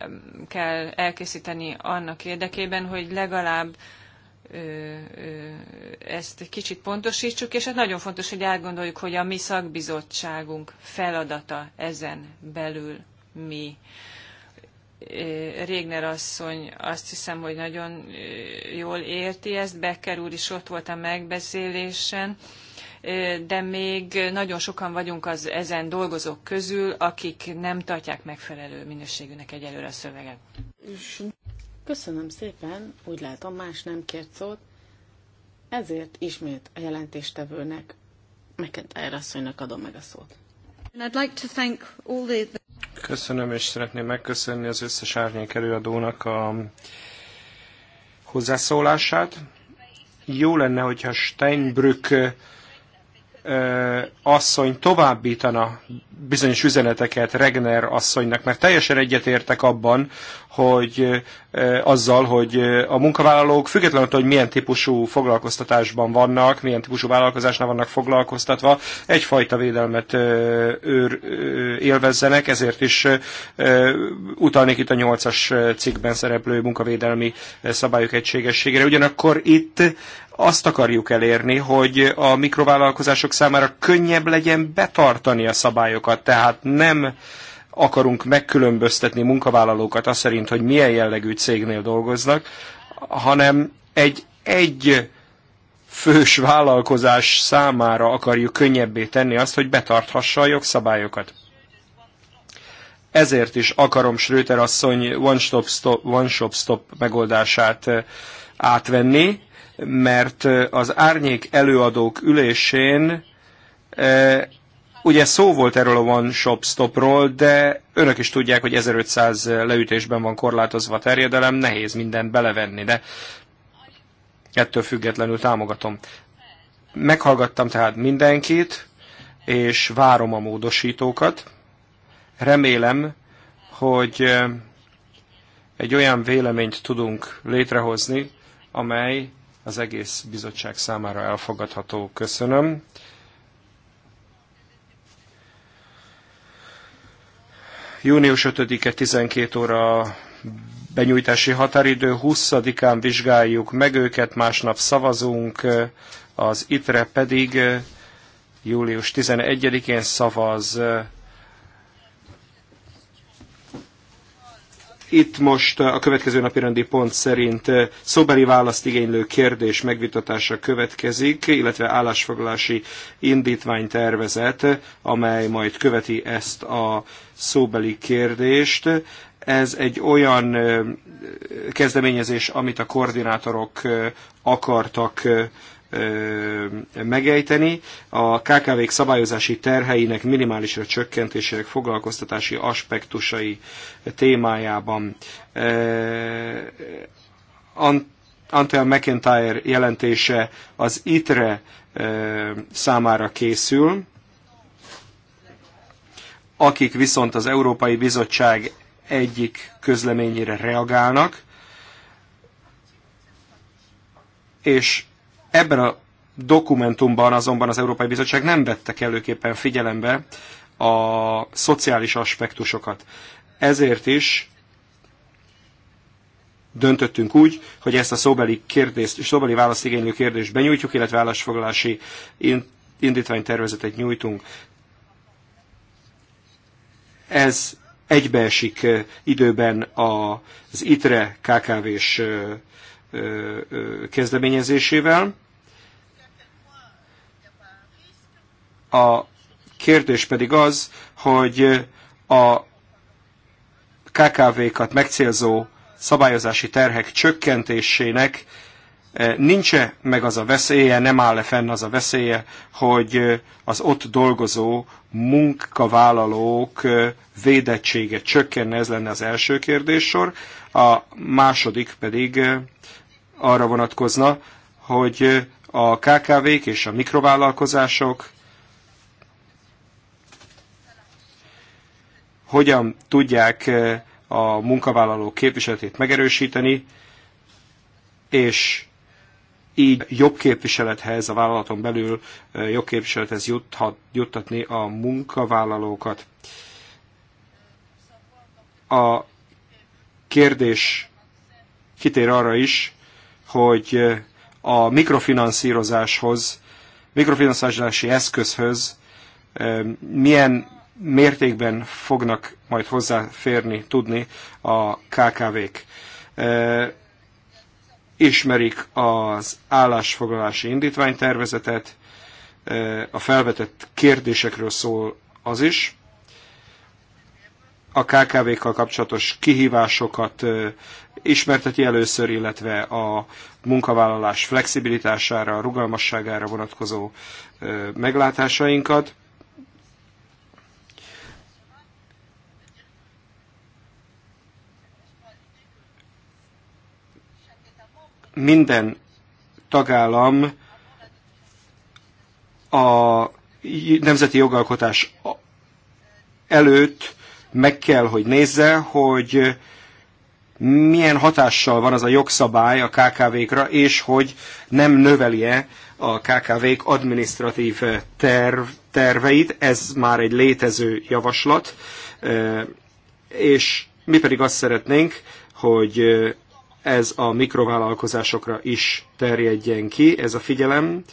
kell elkészíteni annak érdekében, hogy legalább ezt kicsit pontosítsuk, és hát nagyon fontos, hogy átgondoljuk, hogy a mi szakbizottságunk feladata ezen belül mi. Régner asszony azt hiszem, hogy nagyon jól érti ezt, Becker úr is ott volt a megbeszélésen, de még nagyon sokan vagyunk az ezen dolgozók közül, akik nem tartják megfelelő minőségűnek egyelőre a szöveget. Köszönöm szépen, úgy látom más nem kért szót, ezért ismét a jelentéstevőnek, McIntyre asszonynak adom meg a szót. Köszönöm, és szeretném megköszönni az összes árnyék előadónak a hozzászólását. Jó lenne, hogyha Steinbrück asszony továbbítana bizonyos üzeneteket Regner asszonynak, mert teljesen egyetértek abban, hogy azzal, hogy a munkavállalók függetlenül attól, hogy milyen típusú foglalkoztatásban vannak, milyen típusú vállalkozásnál vannak foglalkoztatva, egyfajta védelmet őr, élvezzenek, ezért is utalnék itt a nyolcas cikkben szereplő munkavédelmi szabályok egységességére. Ugyanakkor itt azt akarjuk elérni, hogy a mikrovállalkozások számára könnyebb legyen betartani a szabályokat, tehát nem akarunk megkülönböztetni munkavállalókat azt szerint, hogy milyen jellegű cégnél dolgoznak, hanem egy egy fős vállalkozás számára akarjuk könnyebbé tenni azt, hogy betarthassa a jogszabályokat. Ezért is akarom Schröter asszony one-stop-stop one stop, stop megoldását eh, átvenni, mert az árnyék előadók ülésén ugye szó volt erről a One Shop Stopról, de önök is tudják, hogy 1500 leütésben van korlátozva a terjedelem, nehéz mindent belevenni, de ettől függetlenül támogatom. Meghallgattam tehát mindenkit, és várom a módosítókat. Remélem, hogy egy olyan véleményt tudunk létrehozni, amely az egész bizottság számára elfogadható. Köszönöm. Június 5-e 12 óra benyújtási határidő, 20-án vizsgáljuk meg őket, másnap szavazunk, az ITRE pedig július 11-én szavaz Itt most a következő napi rendi pont szerint eh, szóbeli választ igénylő kérdés megvitatása következik, illetve állásfoglalási indítvány tervezet, amely majd követi ezt a szóbeli kérdést. Ez egy olyan eh, kezdeményezés, amit a koordinátorok eh, akartak megejteni. A KKV-k szabályozási terheinek minimálisra csökkentésének foglalkoztatási aspektusai témájában. Antel McIntyre jelentése az ITRE számára készül, akik viszont az Európai Bizottság egyik közleményére reagálnak, és Ebben a dokumentumban azonban az Európai Bizottság nem vette kellőképpen figyelembe a szociális aspektusokat. Ezért is döntöttünk úgy, hogy ezt a szóbeli, kérdést, szóbeli igénylő kérdést benyújtjuk, illetve állásfoglalási indítványtervezetet nyújtunk. Ez egybeesik eh, időben az ITRE KKV-s eh, kezdeményezésével. A kérdés pedig az, hogy a KKV-kat megcélzó szabályozási terhek csökkentésének nincs-e meg az a veszélye, nem áll-e fenn az a veszélye, hogy az ott dolgozó munkavállalók védettsége csökkenne, ez lenne az első kérdéssor. A második pedig arra vonatkozna, hogy a KKV-k és a mikrovállalkozások hogyan tudják eh, a munkavállalók képviseletét megerősíteni, és így jobb képviselethez, a vállalaton belül eh, jobb képviselethez juthat, juttatni a munkavállalókat. A kérdés kitér arra is, hogy a mikrofinanszírozáshoz, mikrofinanszírozási eszközhöz milyen mértékben fognak majd hozzáférni, tudni a KKV-k. Ismerik az állásfoglalási indítványtervezetet, a felvetett kérdésekről szól az is, a KKV-kkal kapcsolatos kihívásokat ismerteti először, illetve a munkavállalás flexibilitására, rugalmasságára vonatkozó meglátásainkat. Minden tagállam a nemzeti jogalkotás előtt meg kell, hogy nézze, hogy milyen hatással van az a jogszabály a KKV-kra, és hogy nem növelje a KKV-k administratív terv, terveit, ez már egy létező javaslat, és mi pedig azt szeretnénk, hogy ez a mikrovállalkozásokra is terjedjen ki, ez a figyelem,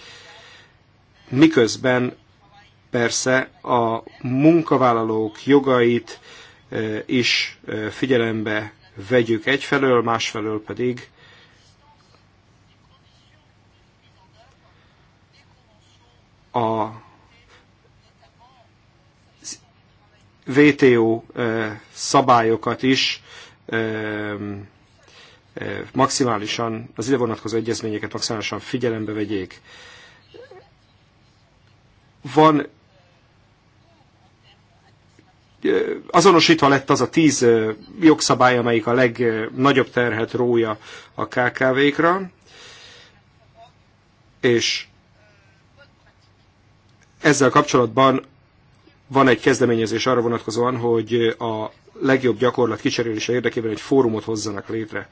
miközben persze a munkavállalók jogait eh, is eh, figyelembe vegyük egyfelől, másfelől pedig a VTO eh, szabályokat is maximálisan, az ide vonatkozó egyezményeket maximálisan figyelembe vegyék. Van azonosítva lett az a tíz jogszabály, amelyik a legnagyobb terhet rója a KKV-kra, és ezzel kapcsolatban van egy kezdeményezés arra vonatkozóan, hogy a legjobb gyakorlat kicserélése érdekében egy fórumot hozzanak létre.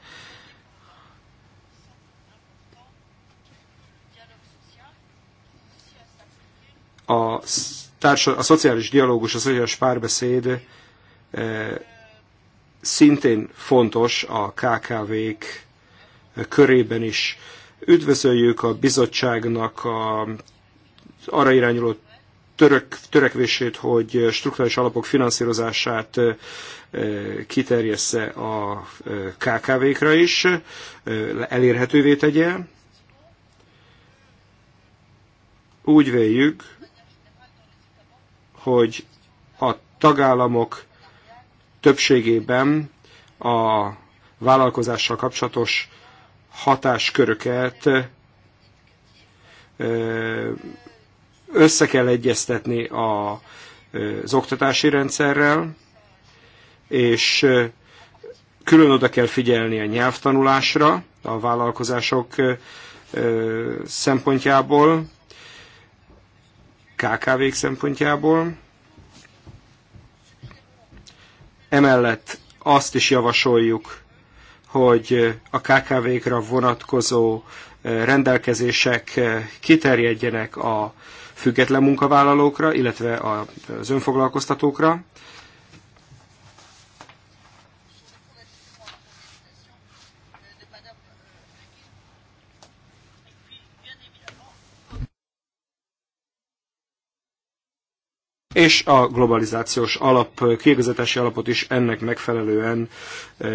A társa, a szociális dialógus, a szociális párbeszéd eh, szintén fontos a KKV-k eh, körében is. Üdvözöljük a bizottságnak a, arra irányuló török, törekvését, hogy strukturális alapok finanszírozását eh, kiterjessze a KKV-kra is, elérhetővé tegye. Úgy véljük, hogy a tagállamok többségében a vállalkozással kapcsolatos hatásköröket össze kell egyeztetni a, az oktatási rendszerrel, és külön oda kell figyelni a nyelvtanulásra a vállalkozások szempontjából, KKV-k szempontjából. Emellett azt is javasoljuk, hogy a KKV-kra vonatkozó eh, rendelkezések eh, kiterjedjenek a független munkavállalókra, illetve az önfoglalkoztatókra. és a globalizációs alap, kiigazítási alapot is ennek megfelelően e,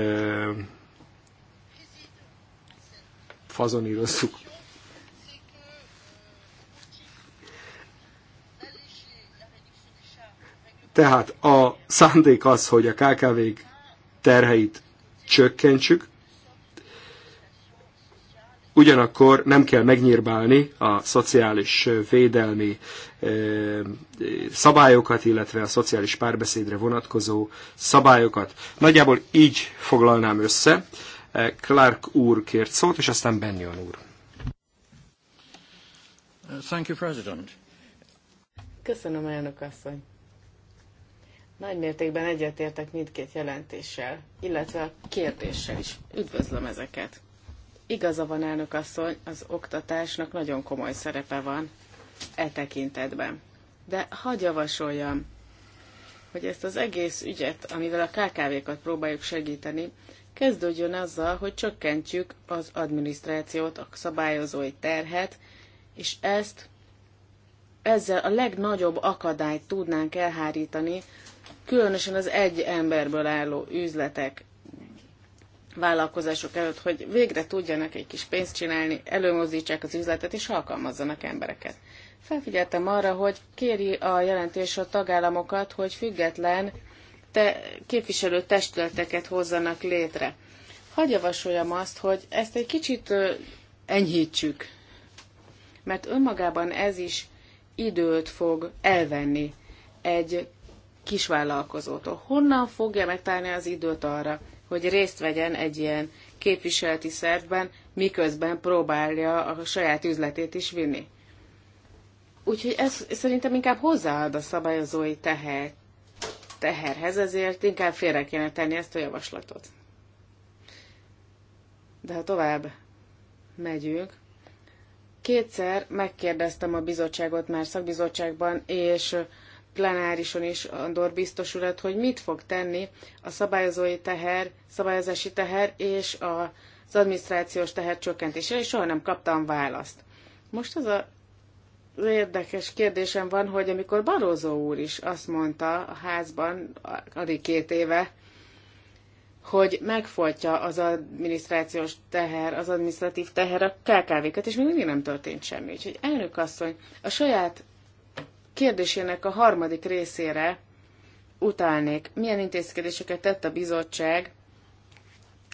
fazonírozzuk. Tehát a szándék az, hogy a KKV-k terheit csökkentsük, ugyanakkor nem kell megnyírbálni a szociális védelmi szabályokat, illetve a szociális párbeszédre vonatkozó szabályokat. Nagyjából így foglalnám össze. Clark úr kért szót, és aztán Benyon úr. Thank you, President. Köszönöm, elnök asszony. Nagy mértékben egyetértek mindkét jelentéssel, illetve a kérdéssel is. Üdvözlöm ezeket. Igaza van, elnök asszony, az oktatásnak nagyon komoly szerepe van e tekintetben. De hagy javasoljam, hogy ezt az egész ügyet, amivel a KKV-kat próbáljuk segíteni, kezdődjön azzal, hogy csökkentjük az adminisztrációt, a szabályozói terhet, és ezt ezzel a legnagyobb akadályt tudnánk elhárítani, különösen az egy emberből álló üzletek vállalkozások előtt, hogy végre tudjanak egy kis pénzt csinálni, előmozdítsák az üzletet és alkalmazzanak embereket. Felfigyeltem arra, hogy kéri a jelentés a tagállamokat, hogy független te képviselő testületeket hozzanak létre. Hagy javasoljam azt, hogy ezt egy kicsit enyhítsük, mert önmagában ez is időt fog elvenni egy kisvállalkozótól. Honnan fogja megtalálni az időt arra, hogy részt vegyen egy ilyen képviseleti szervben, miközben próbálja a saját üzletét is vinni. Úgyhogy ez szerintem inkább hozzáad a szabályozói teher, teherhez, ezért inkább félre kéne tenni ezt a javaslatot. De ha tovább megyünk, kétszer megkérdeztem a bizottságot már szakbizottságban, és plenárison is Andor biztos urat, hogy mit fog tenni a szabályozói teher, szabályozási teher és az adminisztrációs teher csökkentésére, és soha nem kaptam választ. Most az a az érdekes kérdésem van, hogy amikor Barózó úr is azt mondta a házban, addig két éve, hogy megfolytja az adminisztrációs teher, az adminisztratív teher a KKV-ket, és még mindig nem történt semmi. Úgyhogy elnök asszony, a saját kérdésének a harmadik részére utalnék. Milyen intézkedéseket tett a bizottság,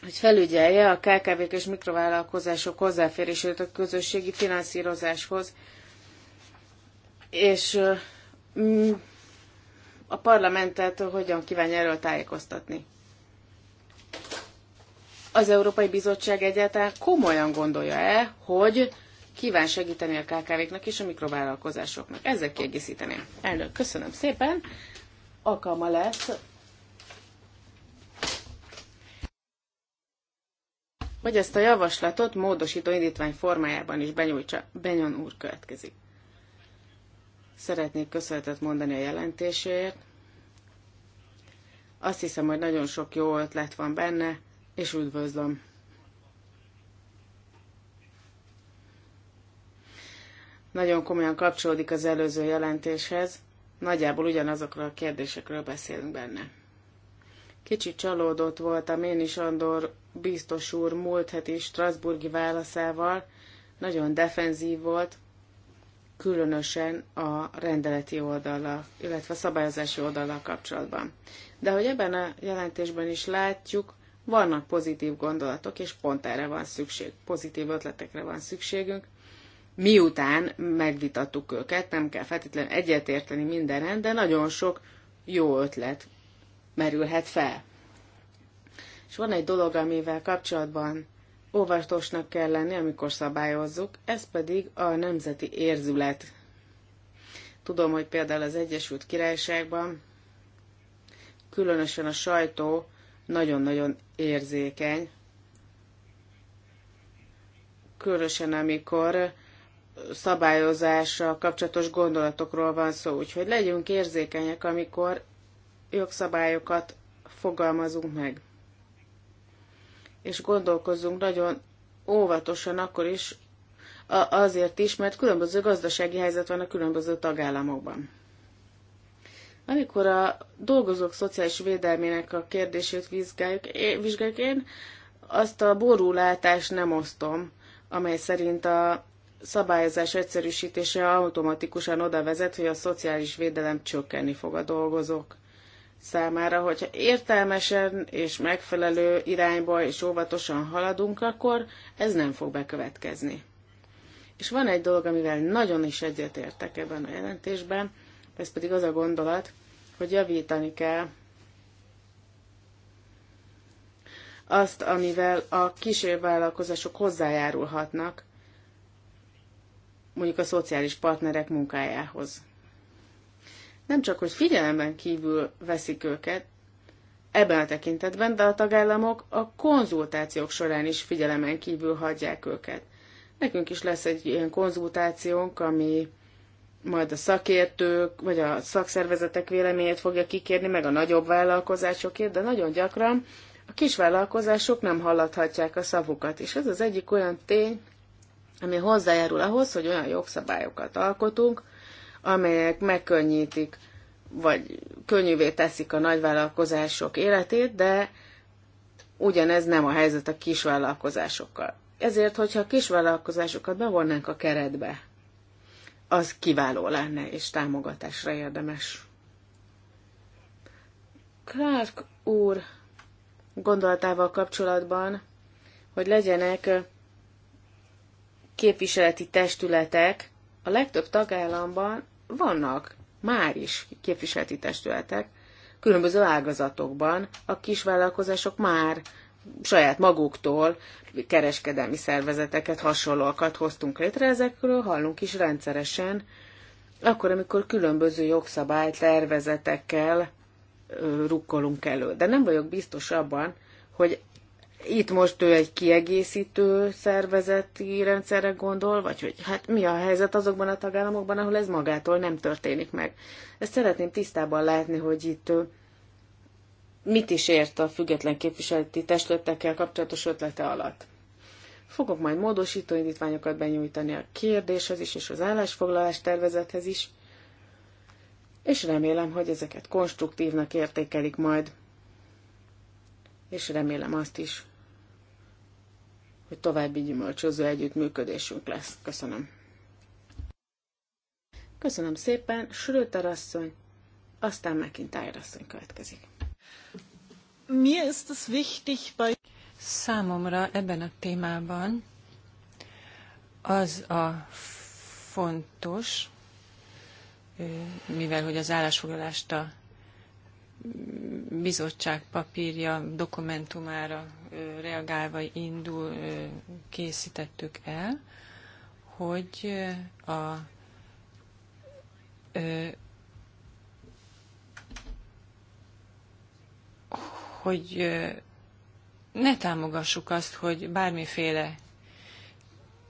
hogy felügyelje a KKV-k és mikrovállalkozások hozzáférését a közösségi finanszírozáshoz, és a parlamentet hogyan kívánja erről tájékoztatni. Az Európai Bizottság egyáltalán komolyan gondolja-e, hogy kíván segíteni a KKV-knak és a mikrovállalkozásoknak. Ezzel kiegészíteném. Elnök, köszönöm szépen. Alkalma lesz Vagy ezt a javaslatot módosító indítvány formájában is benyújtsa. Benyon úr következik. Szeretnék köszönetet mondani a jelentéséért. Azt hiszem, hogy nagyon sok jó ötlet van benne, és üdvözlöm nagyon komolyan kapcsolódik az előző jelentéshez. Nagyjából ugyanazokról a kérdésekről beszélünk benne. Kicsit csalódott voltam én is Andor biztos úr múlt heti Strasburgi válaszával, nagyon defenzív volt, különösen a rendeleti oldala, illetve a szabályozási oldala kapcsolatban. De hogy ebben a jelentésben is látjuk, vannak pozitív gondolatok, és pont erre van szükség, pozitív ötletekre van szükségünk, miután megvitattuk őket, nem kell feltétlenül egyetérteni mindenen, de nagyon sok jó ötlet merülhet fel. És van egy dolog, amivel kapcsolatban óvatosnak kell lenni, amikor szabályozzuk, ez pedig a nemzeti érzület. Tudom, hogy például az Egyesült Királyságban különösen a sajtó nagyon-nagyon érzékeny, különösen amikor szabályozással kapcsolatos gondolatokról van szó, úgyhogy legyünk érzékenyek, amikor jogszabályokat fogalmazunk meg. És gondolkozzunk nagyon óvatosan akkor is, azért is, mert különböző gazdasági helyzet van a különböző tagállamokban. Amikor a dolgozók szociális védelmének a kérdését vizsgáljuk, én, vizsgáljuk én azt a borulátást nem osztom, amely szerint a szabályozás egyszerűsítése automatikusan oda vezet, hogy a szociális védelem csökkenni fog a dolgozók számára. Hogyha értelmesen és megfelelő irányba és óvatosan haladunk, akkor ez nem fog bekövetkezni. És van egy dolog, amivel nagyon is egyetértek ebben a jelentésben, ez pedig az a gondolat, hogy javítani kell azt, amivel a kisebb vállalkozások hozzájárulhatnak mondjuk a szociális partnerek munkájához. Nem csak, hogy figyelemben kívül veszik őket ebben a tekintetben, de a tagállamok a konzultációk során is figyelemen kívül hagyják őket. Nekünk is lesz egy ilyen konzultációnk, ami majd a szakértők, vagy a szakszervezetek véleményét fogja kikérni, meg a nagyobb vállalkozásokért, de nagyon gyakran a kisvállalkozások nem hallathatják a szavukat. És ez az egyik olyan tény, ami hozzájárul ahhoz, hogy olyan jogszabályokat alkotunk, amelyek megkönnyítik, vagy könnyűvé teszik a nagyvállalkozások életét, de ugyanez nem a helyzet a kisvállalkozásokkal. Ezért, hogyha a kisvállalkozásokat bevonnánk a keretbe, az kiváló lenne és támogatásra érdemes. Clark úr gondolatával kapcsolatban, hogy legyenek képviseleti testületek a legtöbb tagállamban vannak már is képviseleti testületek, különböző ágazatokban a kisvállalkozások már saját maguktól kereskedelmi szervezeteket, hasonlókat hoztunk létre, ezekről hallunk is rendszeresen, akkor, amikor különböző jogszabály tervezetekkel rukkolunk elő. De nem vagyok biztos abban, hogy itt most ő egy kiegészítő szervezeti rendszerre gondol, vagy hogy hát mi a helyzet azokban a tagállamokban, ahol ez magától nem történik meg. Ezt szeretném tisztában látni, hogy itt mit is ért a független képviseleti testületekkel kapcsolatos ötlete alatt. Fogok majd módosító indítványokat benyújtani a kérdéshez is, és az állásfoglalás tervezethez is, és remélem, hogy ezeket konstruktívnak értékelik majd és remélem azt is, hogy további gyümölcsöző együttműködésünk lesz. Köszönöm. Köszönöm szépen, Schröter asszony, aztán McIntyre asszony következik. Mi ez az wichtig bei... Számomra ebben a témában az a fontos, mivel hogy az állásfoglalást a bizottság papírja, dokumentumára reagálva indul, készítettük el, hogy a hogy ne támogassuk azt, hogy bármiféle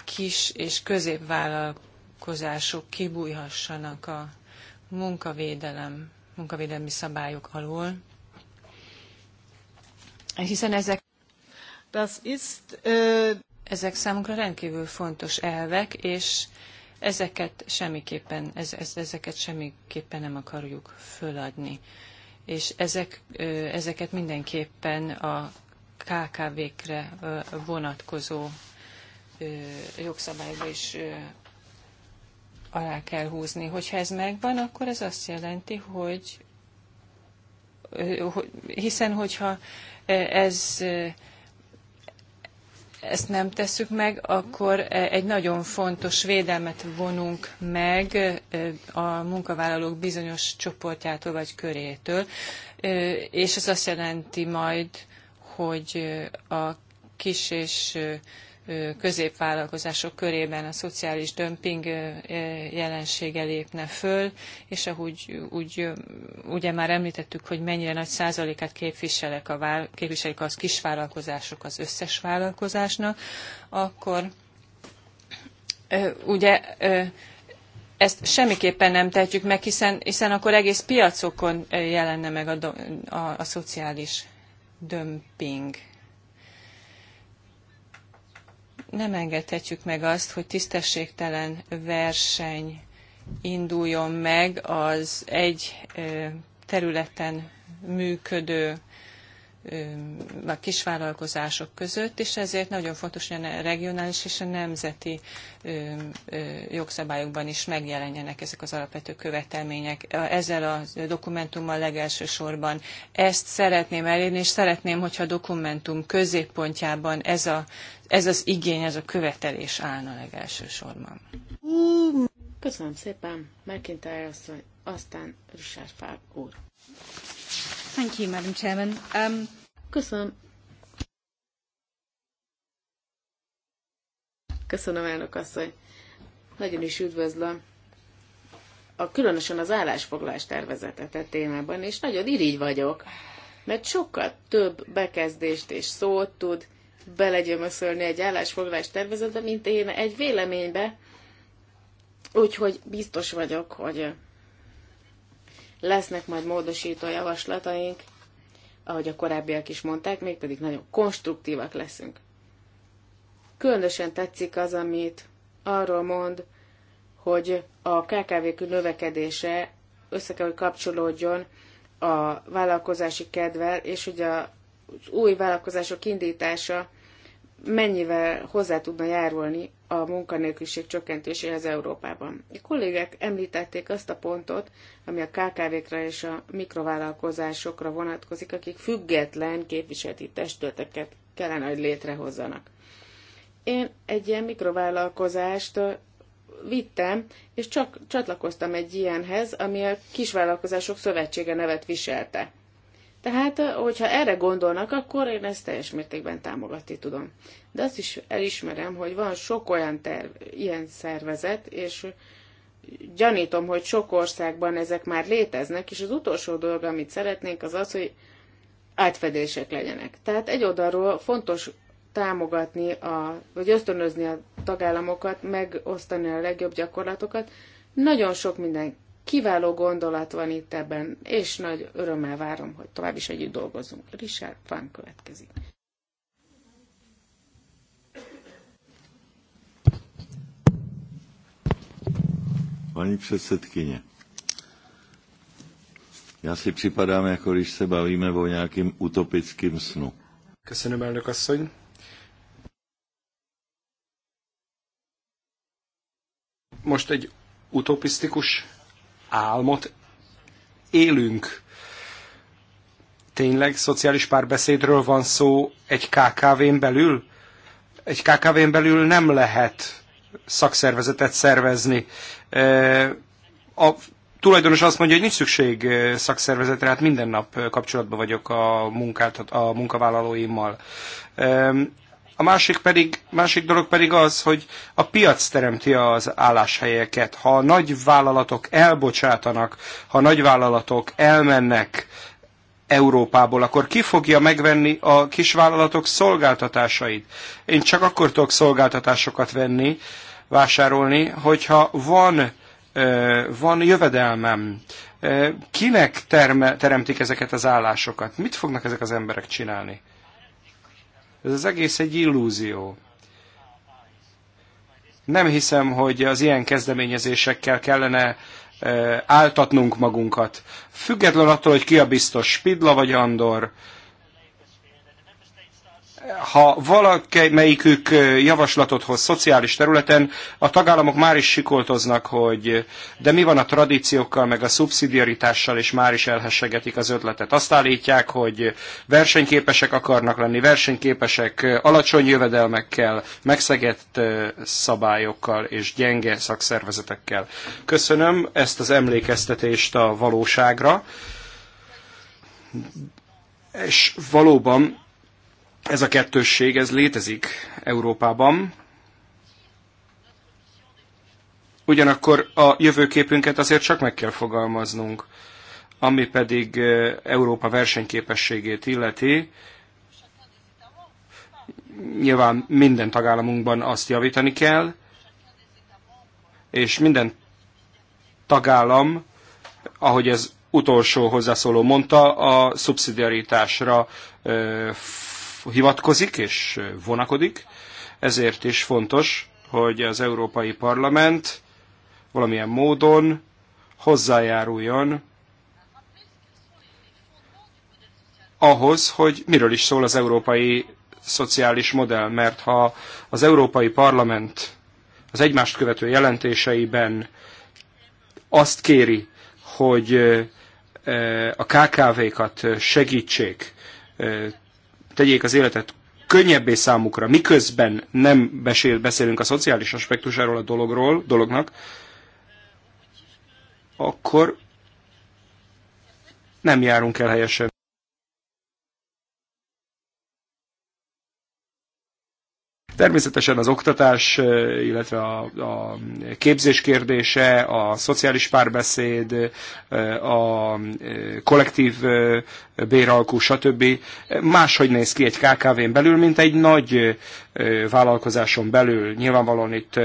kis és középvállalkozások kibújhassanak a munkavédelem munkavédelmi szabályok alól, hiszen ezek, das ist, ö... Äh, ezek számunkra rendkívül fontos elvek, és ezeket semmiképpen, ez, ez, ezeket semmiképpen nem akarjuk föladni. És ezek, ezeket mindenképpen a KKV-kre vonatkozó jogszabályba is alá kell húzni. Hogyha ez megvan, akkor ez azt jelenti, hogy hiszen hogyha ez ezt nem tesszük meg, akkor egy nagyon fontos védelmet vonunk meg a munkavállalók bizonyos csoportjától vagy körétől, és ez azt jelenti majd, hogy a kis és középvállalkozások körében a szociális dömping jelensége lépne föl, és ahogy úgy, ugye már említettük, hogy mennyire nagy százalékát képviselek a, képviselik az kisvállalkozások az összes vállalkozásnak, akkor ugye ezt semmiképpen nem tehetjük meg, hiszen, hiszen akkor egész piacokon jelenne meg a, a, a szociális dömping nem engedhetjük meg azt, hogy tisztességtelen verseny induljon meg az egy területen működő vagy kisvállalkozások között, és ezért nagyon fontos, hogy a regionális és a nemzeti jogszabályokban is megjelenjenek ezek az alapvető követelmények. Ezzel a dokumentummal legelsősorban ezt szeretném elérni, és szeretném, hogyha a dokumentum középpontjában ez, a, ez az igény, ez a követelés állna legelsősorban. Köszönöm szépen, McIntyre asszony, aztán Richard Fáb úr. Thank you, Madam Chairman. Um... Köszönöm. Köszönöm, elnök asszony. Nagyon is üdvözlöm a, különösen az állásfoglalás tervezetet a e témában, és nagyon irigy vagyok, mert sokkal több bekezdést és szót tud belegyömöszölni egy állásfoglalás tervezetbe, mint én egy véleménybe, úgyhogy biztos vagyok, hogy Lesznek majd módosító javaslataink, ahogy a korábbiak is mondták, mégpedig nagyon konstruktívak leszünk. Különösen tetszik az, amit arról mond, hogy a KKV növekedése össze kell, hogy kapcsolódjon a vállalkozási kedvel, és hogy az új vállalkozások indítása mennyivel hozzá tudna járulni a munkanélküliség csökkentéséhez Európában. A kollégák említették azt a pontot, ami a KKV-kra és a mikrovállalkozásokra vonatkozik, akik független képviseleti testületeket kellene, hogy létrehozzanak. Én egy ilyen mikrovállalkozást vittem, és csak csatlakoztam egy ilyenhez, ami a Kisvállalkozások Szövetsége nevet viselte. Tehát, hogyha erre gondolnak, akkor én ezt teljes mértékben támogatni tudom. De azt is elismerem, hogy van sok olyan terv, ilyen szervezet, és gyanítom, hogy sok országban ezek már léteznek, és az utolsó dolog, amit szeretnénk, az az, hogy átfedések legyenek. Tehát egy oldalról fontos támogatni, a, vagy ösztönözni a tagállamokat, megosztani a legjobb gyakorlatokat. Nagyon sok minden Kiváló gondolat van itt ebben, és nagy örömmel várom, hogy tovább is együtt dolgozunk. Richard Fan következik. Pani předsedkyně, já si připadám, jako když se bavíme o nějakým utopickým snu. Köszönöm, elnök asszony. Most egy utopisztikus álmot élünk. Tényleg szociális párbeszédről van szó egy KKV-n belül? Egy KKV-n belül nem lehet szakszervezetet szervezni. A tulajdonos azt mondja, hogy nincs szükség szakszervezetre, hát minden nap kapcsolatban vagyok a, munkát, a munkavállalóimmal. A másik, pedig, másik dolog pedig az, hogy a piac teremti az álláshelyeket. Ha a nagy vállalatok elbocsátanak, ha a nagy vállalatok elmennek Európából, akkor ki fogja megvenni a kisvállalatok szolgáltatásait? Én csak akkor tudok szolgáltatásokat venni, vásárolni, hogyha van, van jövedelmem. Kinek terme, teremtik ezeket az állásokat? Mit fognak ezek az emberek csinálni? Ez az egész egy illúzió. Nem hiszem, hogy az ilyen kezdeményezésekkel kellene eh, áltatnunk magunkat. Független attól, hogy ki a biztos, Spidla vagy Andor, ha valamelyikük javaslatot hoz szociális területen, a tagállamok már is sikoltoznak, hogy de mi van a tradíciókkal, meg a szubszidiaritással, és már is elhessegetik az ötletet. Azt állítják, hogy versenyképesek akarnak lenni, versenyképesek alacsony jövedelmekkel, megszegett szabályokkal és gyenge szakszervezetekkel. Köszönöm ezt az emlékeztetést a valóságra, és valóban ez a kettősség, ez létezik Európában. Ugyanakkor a jövőképünket azért csak meg kell fogalmaznunk, ami pedig eh, Európa versenyképességét illeti. Nyilván minden tagállamunkban azt javítani kell, és minden tagállam, ahogy ez utolsó hozzászóló mondta, a szubszidiaritásra eh, hivatkozik és vonakodik, ezért is fontos, hogy az Európai Parlament valamilyen módon hozzájáruljon ahhoz, hogy miről is szól az európai szociális modell, mert ha az Európai Parlament az egymást követő jelentéseiben azt kéri, hogy eh, a KKV-kat segítsék eh, tegyék az életet könnyebbé számukra, miközben nem beszélünk a szociális aspektusáról a dologról, dolognak, akkor nem járunk el helyesen. Természetesen az oktatás, eh, illetve a, a képzés kérdése, a szociális párbeszéd, eh, a eh, kollektív béralkú, stb. Máshogy néz ki egy KKV-n belül, mint egy nagy vállalkozáson belül. Nyilvánvalóan itt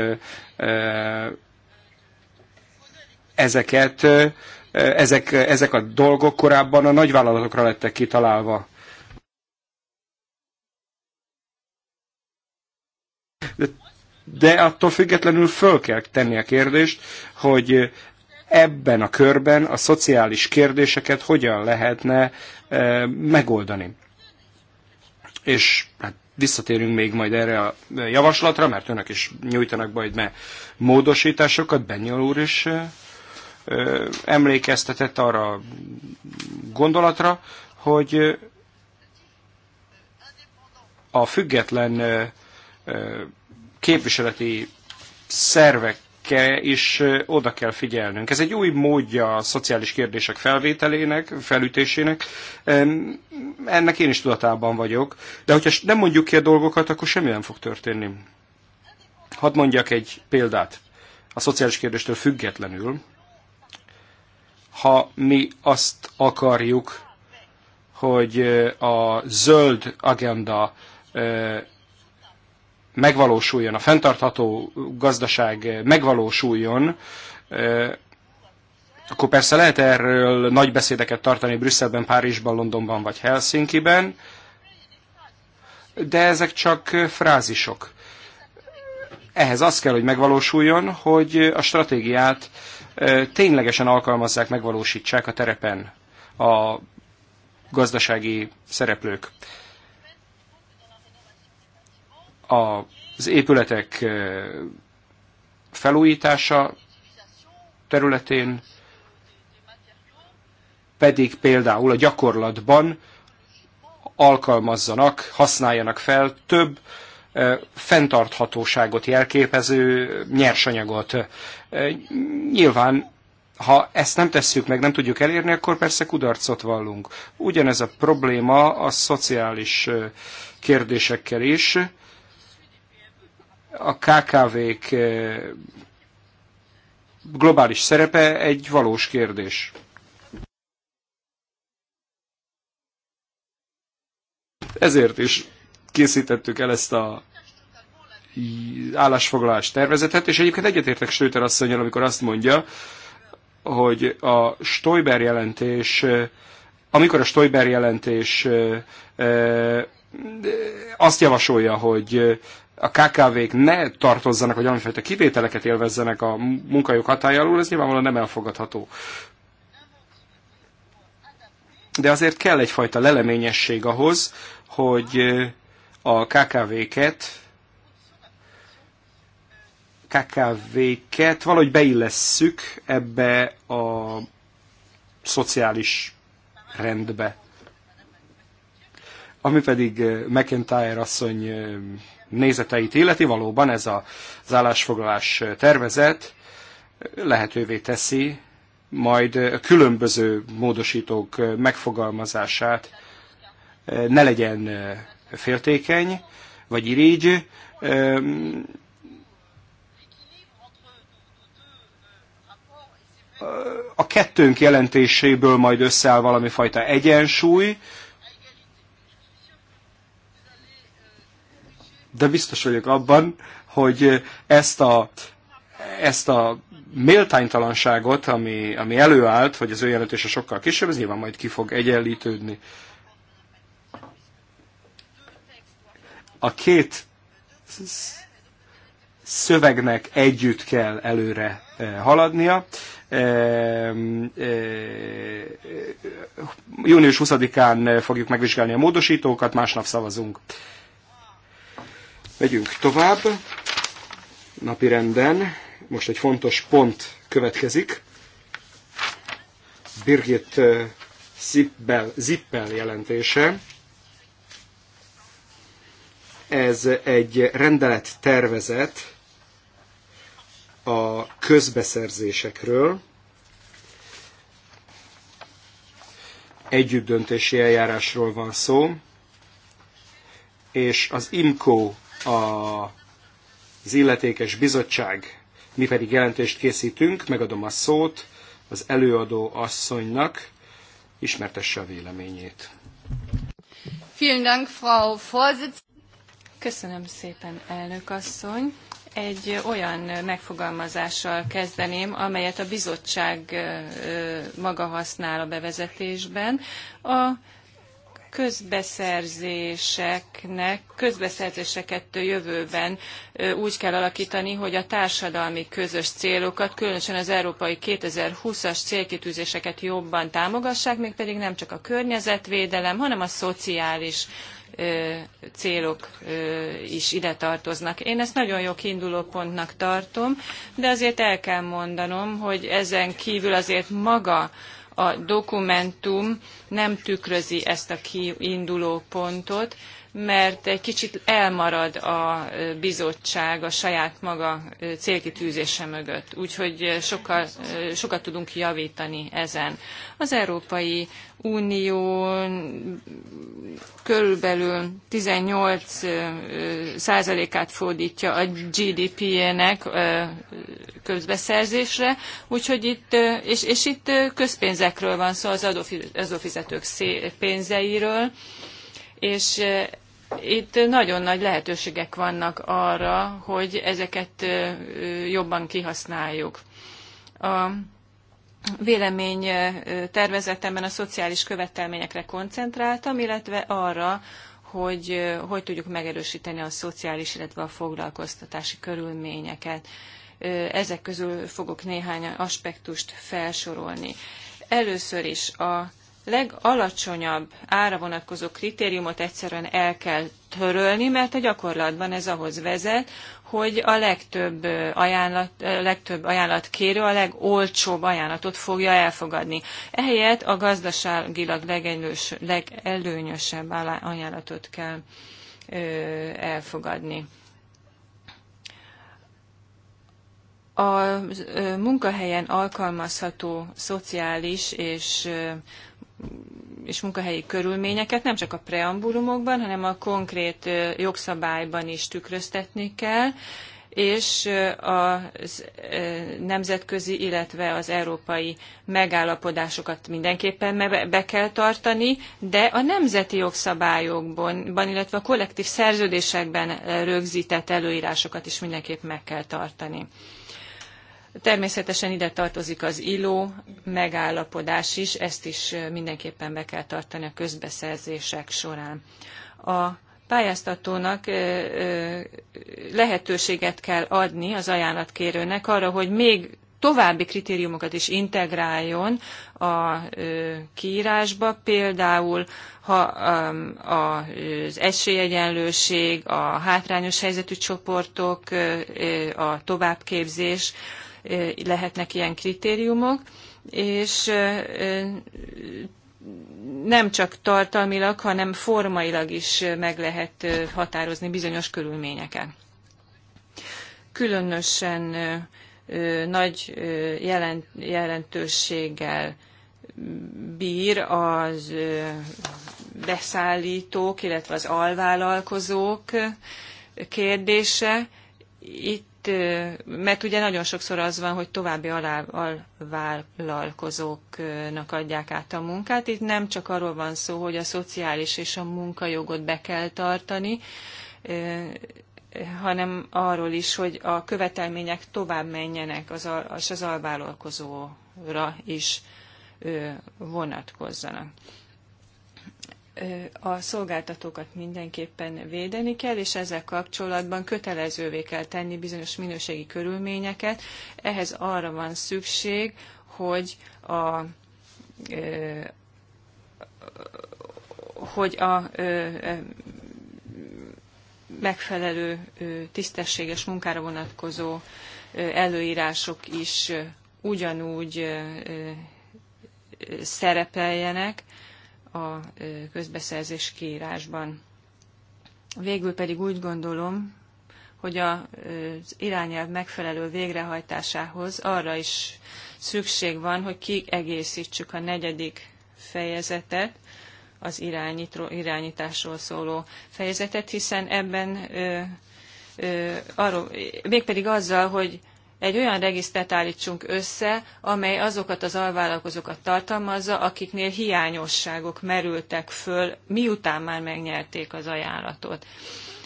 ezeket, ezek, ezek a dolgok korábban a nagyvállalatokra lettek kitalálva. de attól függetlenül föl kell tenni a kérdést, hogy ebben a körben a szociális kérdéseket hogyan lehetne e, megoldani. És hát visszatérünk még majd erre a javaslatra, mert önök is nyújtanak majd be módosításokat, Benyol úr is e, e, emlékeztetett arra a gondolatra, hogy a független e, e képviseleti szervekkel is oda kell figyelnünk. Ez egy új módja a szociális kérdések felvételének, felütésének. Ennek én is tudatában vagyok, de hogyha nem mondjuk ki a dolgokat, akkor semmi nem fog történni. Hadd mondjak egy példát. A szociális kérdéstől függetlenül, ha mi azt akarjuk, hogy a zöld agenda megvalósuljon, a fenntartható gazdaság megvalósuljon, akkor persze lehet erről nagy beszédeket tartani Brüsszelben, Párizsban, Londonban vagy Helsinkiben, de ezek csak frázisok. Ehhez az kell, hogy megvalósuljon, hogy a stratégiát ténylegesen alkalmazzák, megvalósítsák a terepen a gazdasági szereplők az épületek eh, felújítása területén pedig például a gyakorlatban alkalmazzanak, használjanak fel több eh, fenntarthatóságot jelképező nyersanyagot. Eh, nyilván, ha ezt nem tesszük meg, nem tudjuk elérni, akkor persze kudarcot vallunk. Ugyanez a probléma a szociális kérdésekkel is a KKV-k globális szerepe egy valós kérdés. Ezért is készítettük el ezt a állásfoglalás tervezetet, és egyébként egyetértek Stöter asszonyjal, amikor azt mondja, hogy a Stoiber jelentés, amikor a Stoiber jelentés azt javasolja, hogy a KKV-k ne tartozzanak, vagy amifajta kivételeket élvezzenek a munkajog hatája alól, ez nyilvánvalóan nem elfogadható. De azért kell egyfajta leleményesség ahhoz, hogy eh, a KKV-ket KKV-ket valahogy beillesszük ebbe a szociális rendbe. Ami pedig eh, McIntyre asszony eh, nézeteit illeti, valóban ez a állásfoglalás tervezet lehetővé teszi majd a különböző módosítók megfogalmazását ne legyen féltékeny, vagy irígy. a kettőnk jelentéséből majd összeáll valami fajta egyensúly, de biztos vagyok abban, hogy ezt a, ezt a méltánytalanságot, ami, ami előállt, hogy az ő jelentése sokkal kisebb, ez nyilván majd ki fog egyenlítődni. A két szövegnek együtt kell előre eh, haladnia. Eh, június 20-án eh, fogjuk megvizsgálni a módosítókat, másnap szavazunk. Megyünk tovább. Napi renden. Most egy fontos pont következik. Birgit Zippel, Zippel jelentése. Ez egy rendelet tervezet a közbeszerzésekről. Együttdöntési eljárásról van szó, és az IMCO a, az illetékes bizottság, mi pedig jelentést készítünk, megadom a szót az előadó asszonynak, ismertesse a véleményét. Köszönöm szépen, elnök asszony. Egy olyan megfogalmazással kezdeném, amelyet a bizottság maga használ a bevezetésben. A közbeszerzéseknek, közbeszerzéseket jövőben úgy kell alakítani, hogy a társadalmi közös célokat, különösen az európai 2020-as célkitűzéseket jobban támogassák, mégpedig nem csak a környezetvédelem, hanem a szociális célok is ide tartoznak. Én ezt nagyon jó kiindulópontnak tartom, de azért el kell mondanom, hogy ezen kívül azért maga a dokumentum nem tükrözi ezt a kiinduló pontot, mert egy kicsit elmarad a bizottság a saját maga célkitűzése mögött. Úgyhogy sokkal, sokat tudunk javítani ezen. Az Európai Unió körülbelül 18 százalékát fordítja a GDP-nek közbeszerzésre, úgyhogy itt, és, és itt közpénzekről van szó, az adófizetők pénzeiről, és itt nagyon nagy lehetőségek vannak arra, hogy ezeket jobban kihasználjuk. A vélemény tervezetemben a szociális követelményekre koncentráltam, illetve arra, hogy hogy tudjuk megerősíteni a szociális, illetve a foglalkoztatási körülményeket. Ezek közül fogok néhány aspektust felsorolni. Először is a legalacsonyabb ára vonatkozó kritériumot egyszerűen el kell törölni, mert a gyakorlatban ez ahhoz vezet, hogy a legtöbb, ajánlat, legtöbb ajánlatkérő a legolcsóbb ajánlatot fogja elfogadni. Ehelyett a gazdaságilag legelős, legelőnyösebb ajánlatot kell elfogadni. A munkahelyen alkalmazható szociális és és munkahelyi körülményeket nem csak a preambulumokban, hanem a konkrét jogszabályban is tükröztetni kell, és a nemzetközi, illetve az európai megállapodásokat mindenképpen be kell tartani, de a nemzeti jogszabályokban, illetve a kollektív szerződésekben rögzített előírásokat is mindenképp meg kell tartani. Természetesen ide tartozik az ILO megállapodás is, ezt is mindenképpen be kell tartani a közbeszerzések során. A pályáztatónak lehetőséget kell adni az ajánlatkérőnek arra, hogy még további kritériumokat is integráljon a kiírásba, például ha az esélyegyenlőség, a hátrányos helyzetű csoportok, a továbbképzés, lehetnek ilyen kritériumok, és nem csak tartalmilag, hanem formailag is meg lehet határozni bizonyos körülményeket. Különösen nagy jelent, jelentőséggel bír az beszállítók, illetve az alvállalkozók kérdése. Itt itt, mert ugye nagyon sokszor az van, hogy további alvállalkozóknak adják át a munkát. Itt nem csak arról van szó, hogy a szociális és a munkajogot be kell tartani, hanem arról is, hogy a követelmények tovább menjenek az, és az alvállalkozóra is vonatkozzanak a szolgáltatókat mindenképpen védeni kell, és ezzel kapcsolatban kötelezővé kell tenni bizonyos minőségi körülményeket. Ehhez arra van szükség, hogy a hogy a megfelelő tisztességes munkára vonatkozó előírások is ugyanúgy szerepeljenek, a közbeszerzés kiírásban. Végül pedig úgy gondolom, hogy az irányelv megfelelő végrehajtásához arra is szükség van, hogy kiegészítsük a negyedik fejezetet, az irányításról szóló fejezetet, hiszen ebben ö, ö, arról, mégpedig azzal, hogy egy olyan regisztert állítsunk össze, amely azokat az alvállalkozókat tartalmazza, akiknél hiányosságok merültek föl, miután már megnyerték az ajánlatot.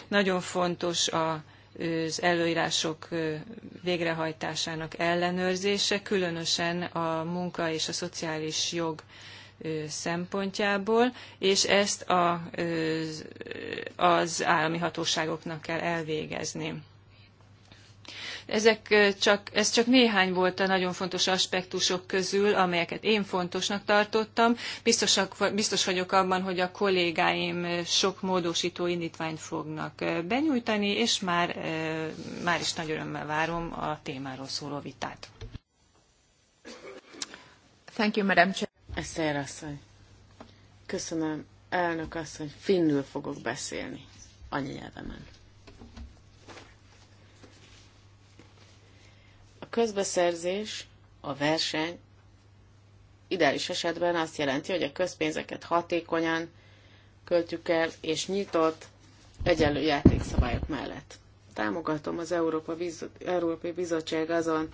Nagyon fontos a az előírások végrehajtásának ellenőrzése, különösen a munka és a szociális jog szempontjából, és ezt az állami hatóságoknak kell elvégezni. Ezek csak, ez csak néhány volt a nagyon fontos aspektusok közül, amelyeket én fontosnak tartottam. Biztosak, biztos vagyok abban, hogy a kollégáim sok módosító indítványt fognak benyújtani, és már, már is nagy örömmel várom a témáról szóló vitát. Thank you, Madam Chair. asszony. Köszönöm, elnök asszony. Finnül fogok beszélni anyanyelvemen. A közbeszerzés, a verseny ideális esetben azt jelenti, hogy a közpénzeket hatékonyan költjük el, és nyitott, egyenlő játékszabályok mellett. Támogatom az Európa Biz- Európai Bizottság azon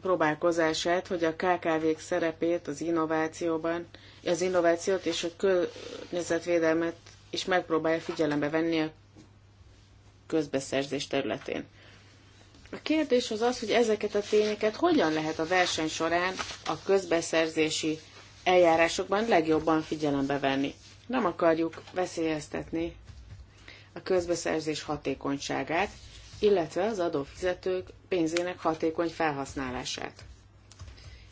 próbálkozását, hogy a KKV-k szerepét az innovációban, az innovációt és a környezetvédelmet is megpróbálja figyelembe venni a közbeszerzés területén. A kérdés az az, hogy ezeket a tényeket hogyan lehet a verseny során a közbeszerzési eljárásokban legjobban figyelembe venni. Nem akarjuk veszélyeztetni a közbeszerzés hatékonyságát, illetve az adófizetők pénzének hatékony felhasználását.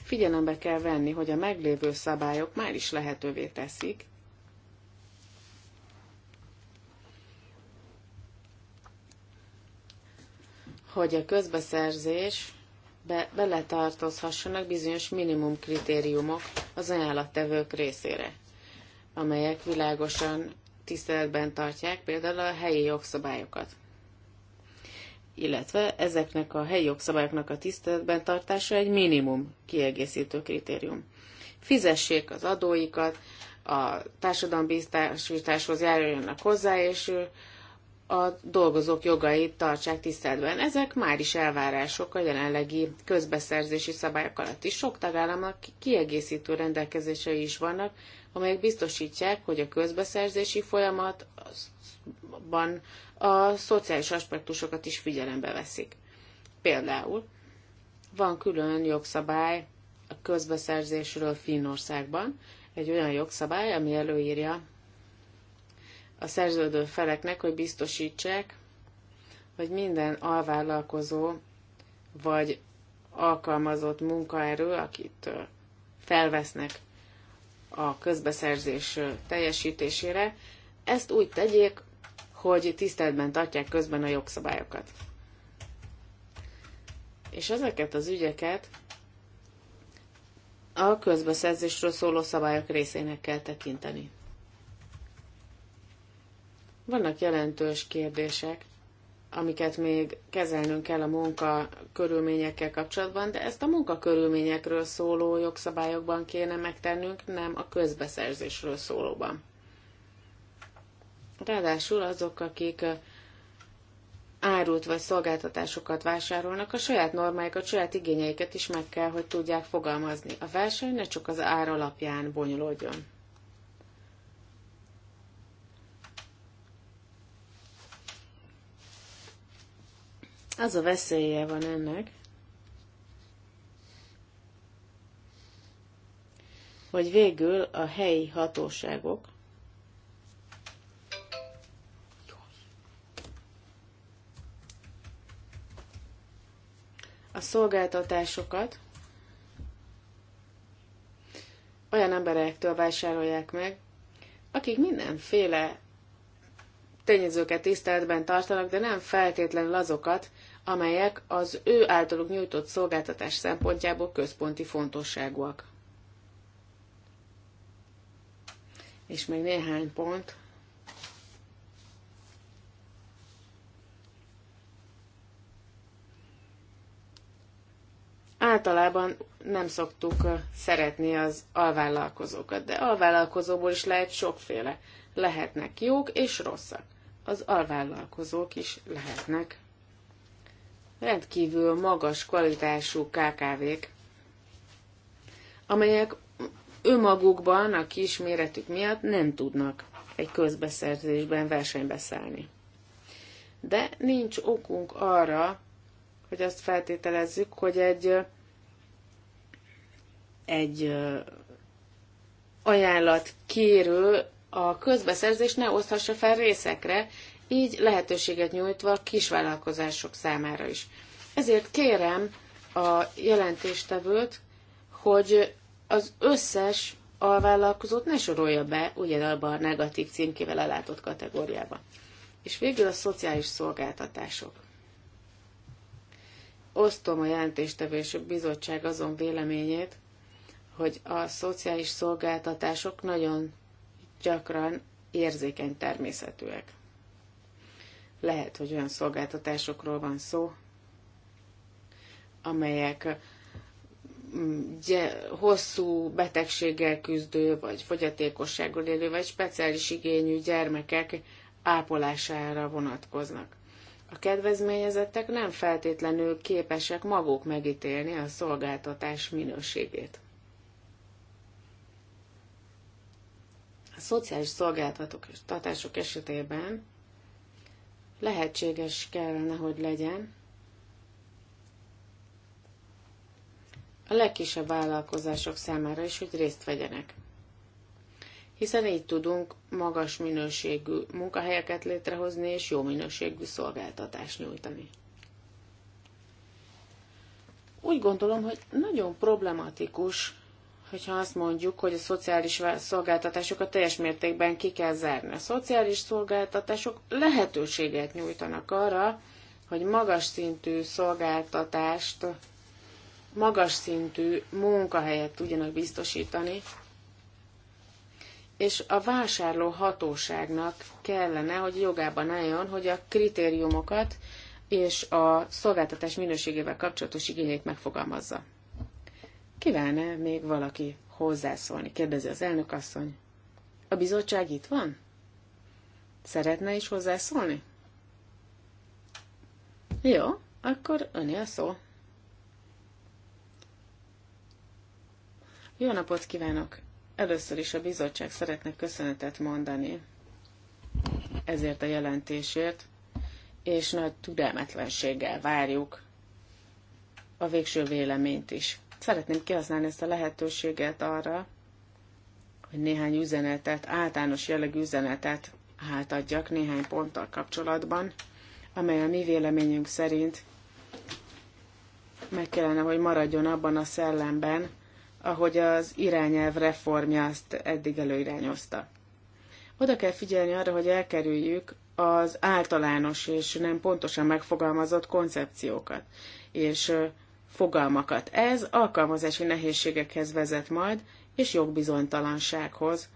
Figyelembe kell venni, hogy a meglévő szabályok már is lehetővé teszik, hogy a közbeszerzés be, beletartozhassanak bizonyos minimum kritériumok az ajánlattevők részére, amelyek világosan tiszteletben tartják például a helyi jogszabályokat. Illetve ezeknek a helyi jogszabályoknak a tiszteletben tartása egy minimum kiegészítő kritérium. Fizessék az adóikat, a társadalombiztosításhoz járuljanak hozzá, és a dolgozók jogait tartsák tiszteletben. Ezek már is elvárások a jelenlegi közbeszerzési szabályok alatt is. Sok tagállamnak kiegészítő rendelkezései is vannak, amelyek biztosítják, hogy a közbeszerzési folyamatban a szociális aspektusokat is figyelembe veszik. Például van külön jogszabály a közbeszerzésről Finnországban, egy olyan jogszabály, ami előírja a szerződő feleknek, hogy biztosítsák, hogy minden alvállalkozó vagy alkalmazott munkaerő, akit felvesznek a közbeszerzés teljesítésére, ezt úgy tegyék, hogy tiszteletben tartják közben a jogszabályokat. És ezeket az ügyeket a közbeszerzésről szóló szabályok részének kell tekinteni. Vannak jelentős kérdések, amiket még kezelnünk kell a munka körülményekkel kapcsolatban, de ezt a munkakörülményekről szóló jogszabályokban kéne megtennünk, nem a közbeszerzésről szólóban. Ráadásul azok, akik árut vagy szolgáltatásokat vásárolnak, a saját normáikat, a saját igényeiket is meg kell, hogy tudják fogalmazni. A verseny ne csak az ár alapján bonyolódjon. Az a veszélye van ennek, hogy végül a helyi hatóságok a szolgáltatásokat olyan emberektől vásárolják meg, akik mindenféle tényezőket tiszteletben tartanak, de nem feltétlenül azokat, amelyek az ő általuk nyújtott szolgáltatás szempontjából központi fontosságúak. És még néhány pont. Általában nem szoktuk szeretni az alvállalkozókat, de alvállalkozóból is lehet sokféle. Lehetnek jók és rosszak az alvállalkozók is lehetnek rendkívül magas kvalitású KKV-k, amelyek önmagukban a kis méretük miatt nem tudnak egy közbeszerzésben versenybe szállni. De nincs okunk arra, hogy azt feltételezzük, hogy egy, egy ajánlat kérő a közbeszerzés ne oszthassa fel részekre, így lehetőséget nyújtva a kisvállalkozások számára is. Ezért kérem a jelentéstevőt, hogy az összes alvállalkozót ne sorolja be ugyanabba a negatív címkével ellátott kategóriába. És végül a szociális szolgáltatások. Osztom a a bizottság azon véleményét, hogy a szociális szolgáltatások nagyon gyakran érzékeny természetűek. Lehet, hogy olyan szolgáltatásokról van szó, amelyek mm, hosszú betegséggel küzdő, vagy fogyatékossággal élő, vagy speciális igényű gyermekek ápolására vonatkoznak. A kedvezményezettek nem feltétlenül képesek maguk megítélni a szolgáltatás minőségét. A szociális szolgáltatók és tartások esetében lehetséges kellene, hogy legyen a legkisebb vállalkozások számára is, hogy részt vegyenek. Hiszen így tudunk magas minőségű munkahelyeket létrehozni és jó minőségű szolgáltatást nyújtani. Úgy gondolom, hogy nagyon problematikus hogyha azt mondjuk, hogy a szociális szolgáltatásokat teljes mértékben ki kell zárni. A szociális szolgáltatások lehetőséget nyújtanak arra, hogy magas szintű szolgáltatást, magas szintű munkahelyet tudjanak biztosítani, és a vásárló hatóságnak kellene, hogy jogában álljon, hogy a kritériumokat és a szolgáltatás minőségével kapcsolatos igényeit megfogalmazza kíván -e még valaki hozzászólni? Kérdezi az elnök asszony. A bizottság itt van? Szeretne is hozzászólni? Jó, akkor öné a szó. Jó napot kívánok! Először is a bizottság szeretne köszönetet mondani ezért a jelentésért, és nagy türelmetlenséggel várjuk a végső véleményt is. Szeretném kihasználni ezt a lehetőséget arra, hogy néhány üzenetet, általános jellegű üzenetet átadjak néhány ponttal kapcsolatban, amely a mi véleményünk szerint meg kellene, hogy maradjon abban a szellemben, ahogy az irányelv reformja azt eddig előirányozta. Oda kell figyelni arra, hogy elkerüljük az általános és nem pontosan megfogalmazott koncepciókat, és fogalmakat. Ez alkalmazási nehézségekhez vezet majd, és jogbizonytalansághoz.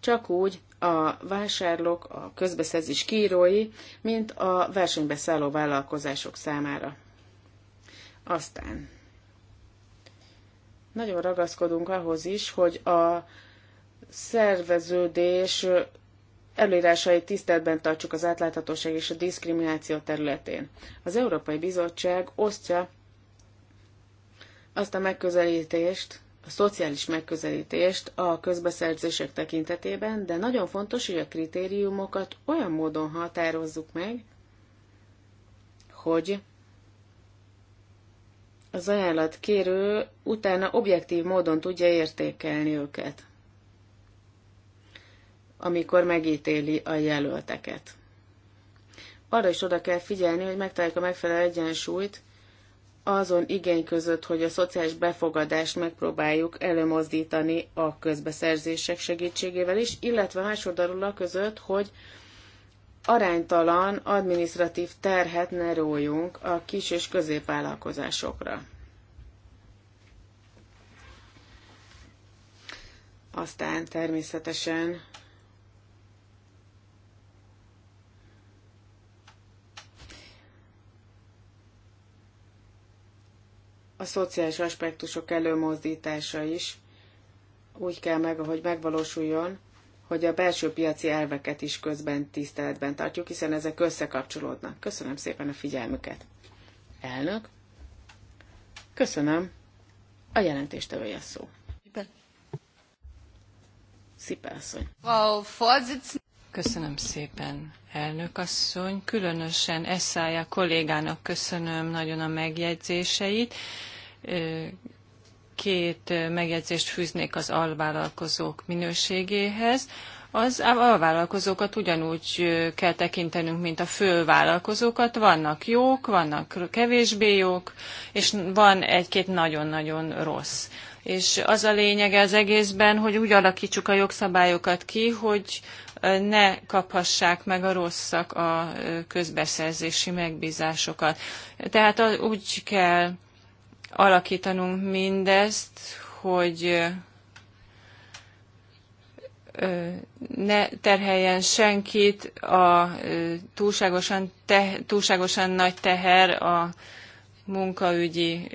Csak úgy a vásárlók, a közbeszerzés kírói, mint a szálló vállalkozások számára. Aztán nagyon ragaszkodunk ahhoz is, hogy a szerveződés előírásait tiszteletben tartsuk az átláthatóság és a diszkrimináció területén. Az Európai Bizottság osztja azt a megközelítést, a szociális megközelítést a közbeszerzések tekintetében, de nagyon fontos, hogy a kritériumokat olyan módon határozzuk meg, hogy az ajánlat kérő utána objektív módon tudja értékelni őket, amikor megítéli a jelölteket. Arra is oda kell figyelni, hogy megtaláljuk a megfelelő egyensúlyt azon igény között, hogy a szociális befogadást megpróbáljuk előmozdítani a közbeszerzések segítségével is, illetve másodarul között, hogy aránytalan administratív terhet ne rójunk a kis és középvállalkozásokra. Aztán természetesen a szociális aspektusok előmozdítása is úgy kell meg, hogy megvalósuljon, hogy a belső piaci elveket is közben tiszteletben tartjuk, hiszen ezek összekapcsolódnak. Köszönöm szépen a figyelmüket. Elnök, köszönöm. A jelentéstevője szó. Szipelszony. Köszönöm szépen, elnök asszony. Különösen Eszája kollégának köszönöm nagyon a megjegyzéseit. Két megjegyzést fűznék az alvállalkozók minőségéhez. Az alvállalkozókat ugyanúgy kell tekintenünk, mint a fővállalkozókat. Vannak jók, vannak kevésbé jók, és van egy-két nagyon-nagyon rossz. És az a lényege az egészben, hogy úgy alakítsuk a jogszabályokat ki, hogy ne kaphassák meg a rosszak a közbeszerzési megbízásokat. Tehát úgy kell alakítanunk mindezt, hogy ne terheljen senkit a túlságosan, te, túlságosan nagy teher a munkaügyi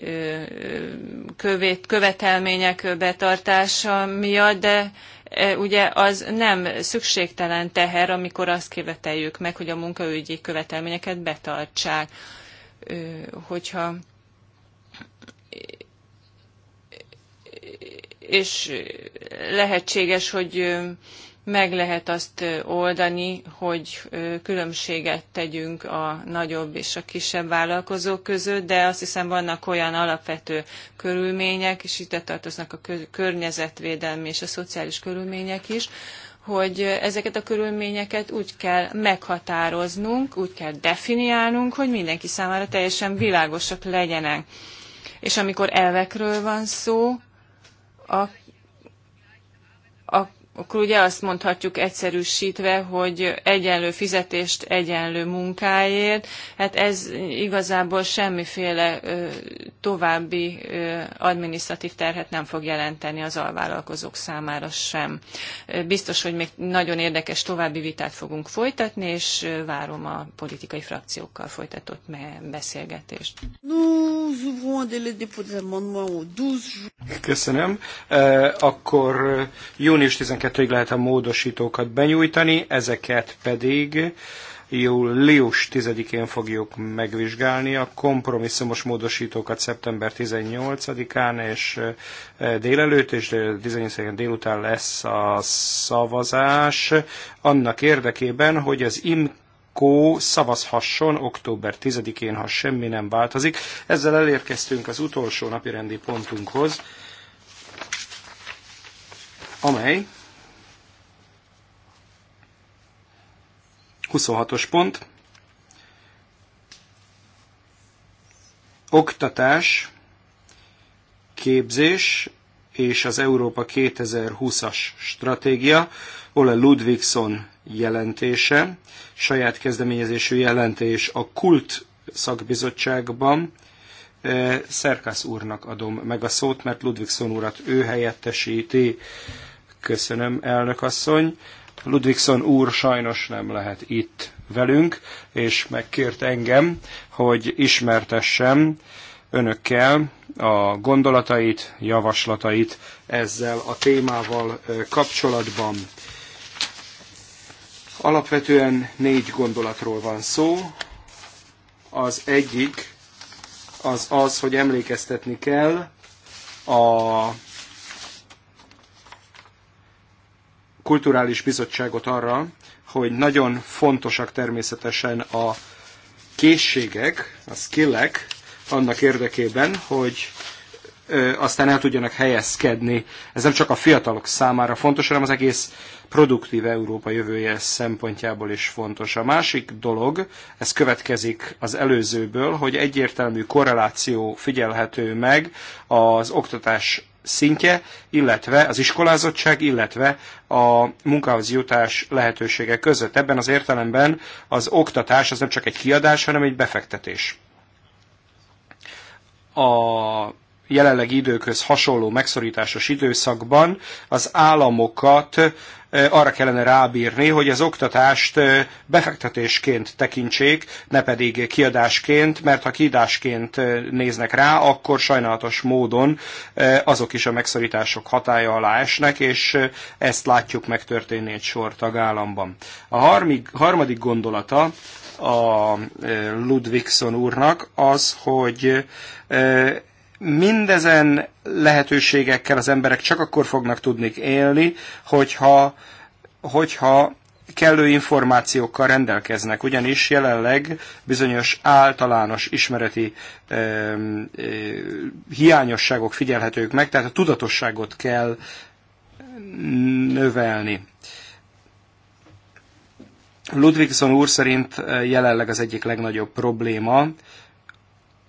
követelmények betartása miatt, de ugye az nem szükségtelen teher, amikor azt követeljük meg, hogy a munkaügyi követelményeket betartsák. Hogyha és lehetséges, hogy meg lehet azt oldani, hogy különbséget tegyünk a nagyobb és a kisebb vállalkozók között, de azt hiszem vannak olyan alapvető körülmények, és itt tartoznak a környezetvédelmi és a szociális körülmények is, hogy ezeket a körülményeket úgy kell meghatároznunk, úgy kell definiálnunk, hogy mindenki számára teljesen világosak legyenek. És amikor elvekről van szó, a, a akkor ugye azt mondhatjuk egyszerűsítve, hogy egyenlő fizetést egyenlő munkáért. Hát ez igazából semmiféle további adminisztratív terhet nem fog jelenteni az alvállalkozók számára sem. Biztos, hogy még nagyon érdekes további vitát fogunk folytatni, és várom a politikai frakciókkal folytatott beszélgetést. Köszönöm. Akkor június 12 12-ig lehet a módosítókat benyújtani, ezeket pedig július 10-én fogjuk megvizsgálni a kompromisszumos módosítókat szeptember 18-án és e, délelőtt, és 18 délután lesz a szavazás annak érdekében, hogy az im Kó szavazhasson október 10-én, ha semmi nem változik. Ezzel elérkeztünk az utolsó napi rendi pontunkhoz, amely 26-os pont. Oktatás, képzés és az Európa 2020-as stratégia, Ole Ludvigson jelentése, saját kezdeményezésű jelentés a Kult szakbizottságban. Eh, Szerkász úrnak adom meg a szót, mert Ludvigson urat ő helyettesíti. Köszönöm, elnök asszony. Ludvigson úr sajnos nem lehet itt velünk, és megkért engem, hogy ismertessem önökkel a gondolatait, javaslatait ezzel a témával kapcsolatban. Alapvetően négy gondolatról van szó. Az egyik az az, hogy emlékeztetni kell a kulturális bizottságot arra, hogy nagyon fontosak természetesen a készségek, a skillek annak érdekében, hogy aztán el tudjanak helyezkedni. Ez nem csak a fiatalok számára fontos, hanem az egész produktív Európa jövője szempontjából is fontos. A másik dolog, ez következik az előzőből, hogy egyértelmű korreláció figyelhető meg az oktatás szintje, illetve az iskolázottság, illetve a munkához jutás lehetősége között. Ebben az értelemben az oktatás az nem csak egy kiadás, hanem egy befektetés. A jelenlegi időkhöz hasonló megszorításos időszakban az államokat arra kellene rábírni, hogy az oktatást befektetésként tekintsék, ne pedig kiadásként, mert ha kiadásként néznek rá, akkor sajnálatos módon azok is a megszorítások hatája alá esnek, és ezt látjuk megtörténni egy sor tagállamban. A harmadik gondolata a Ludvigson úrnak az, hogy Mindezen lehetőségekkel az emberek csak akkor fognak tudni élni, hogyha, hogyha kellő információkkal rendelkeznek, ugyanis jelenleg bizonyos általános ismereti ö, ö, e, hiányosságok figyelhetők meg, tehát a tudatosságot kell növelni. Ludwigson úr szerint jelenleg az egyik legnagyobb probléma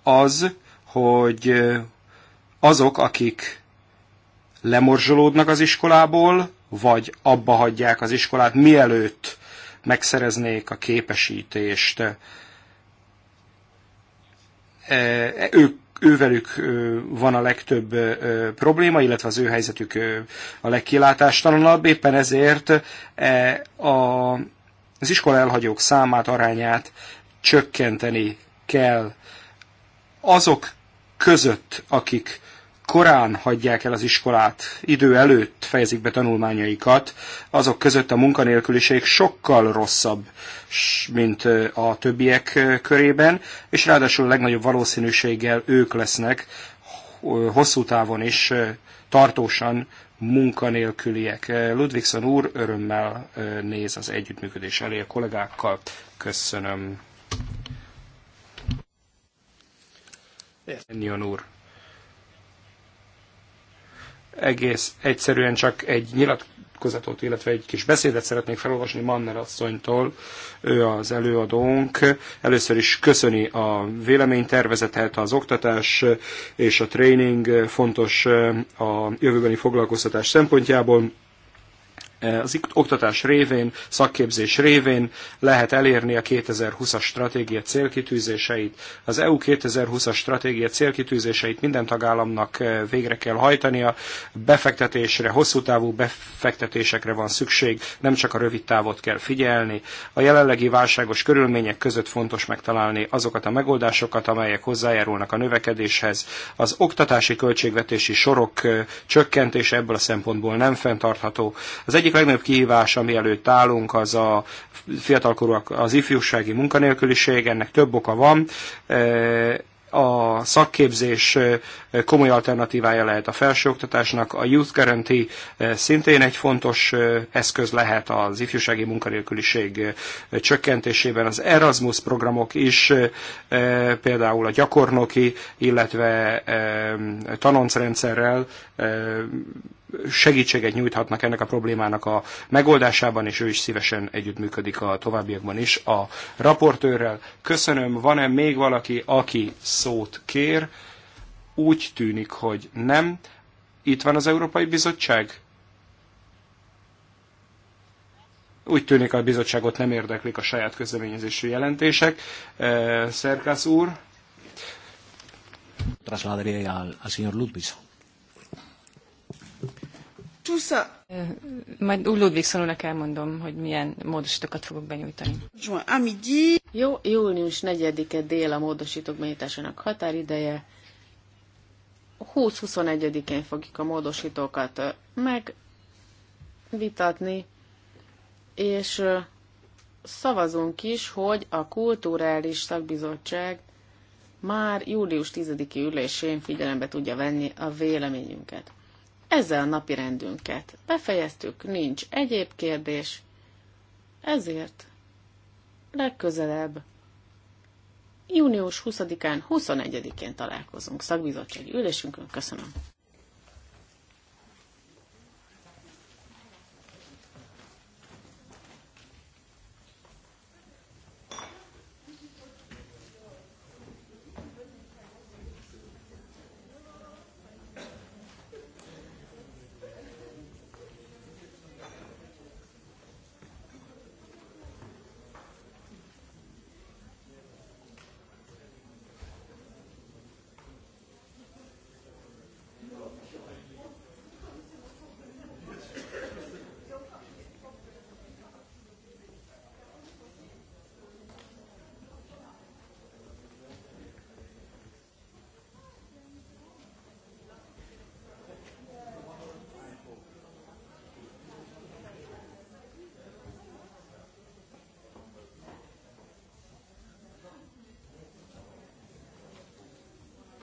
az, hogy azok, akik lemorzsolódnak az iskolából, vagy abba hagyják az iskolát, mielőtt megszereznék a képesítést, e, ők ővelük van a legtöbb probléma, illetve az ő helyzetük a legkilátástalanabb. Éppen ezért e, az iskola elhagyók számát, arányát csökkenteni kell. Azok között, akik korán hagyják el az iskolát, idő előtt fejezik be tanulmányaikat, azok között a munkanélküliség sokkal rosszabb, mint a többiek körében, és ráadásul a legnagyobb valószínűséggel ők lesznek hosszú távon is tartósan munkanélküliek. Ludvigson úr örömmel néz az együttműködés elé a kollégákkal. Köszönöm. Ennyian úr. Egész egyszerűen csak egy nyilatkozatot, illetve egy kis beszédet szeretnék felolvasni Manner asszonytól. Ő az előadónk. Először is köszöni a véleménytervezetet, az oktatás és a tréning fontos eh, a jövőbeni foglalkoztatás szempontjából Eh, az oktatás révén, szakképzés révén lehet elérni a 2020-as stratégia célkitűzéseit. Az EU 2020-as stratégia célkitűzéseit minden tagállamnak eh, végre kell hajtania. Befektetésre, hosszú távú befektetésekre van szükség, nem csak a rövid távot kell figyelni. A jelenlegi válságos körülmények között fontos megtalálni azokat a megoldásokat, amelyek hozzájárulnak a növekedéshez. Az oktatási költségvetési sorok eh, csökkentése ebből a szempontból nem fenntartható. Az egyik egyik legnagyobb kihívás, ami előtt állunk, az a fiatalkorúak, az ifjúsági munkanélküliség, ennek több oka van e, a szakképzés e, komoly alternatívája lehet a felsőoktatásnak, a Youth Guarantee e, szintén egy fontos eszköz lehet az ifjúsági munkanélküliség csökkentésében. Az Erasmus programok is, például a gyakornoki, illetve tanoncrendszerrel segítséget nyújthatnak ennek a problémának a megoldásában, és ő is szívesen együttműködik a továbbiakban is a raportőrrel. Köszönöm, van-e még valaki, aki szót kér? Úgy tűnik, hogy nem. Itt van az Európai Bizottság? Úgy tűnik, a bizottságot nem érdeklik a saját közleményezésű jelentések. E, Szerkász úr? Trasladaría al, al señor majd úgy Ludwig Szolónak elmondom, hogy milyen módosítókat fogok benyújtani. Jó, június 4-e dél a módosítók benyújtásának határideje. 20-21-én fogjuk a módosítókat megvitatni, és szavazunk is, hogy a Kulturális Szakbizottság már július 10-i ülésén figyelembe tudja venni a véleményünket. Ezzel a napi rendünket befejeztük, nincs egyéb kérdés, ezért legközelebb június 20-án, 21-én találkozunk szakbizottsági ülésünkön. Köszönöm.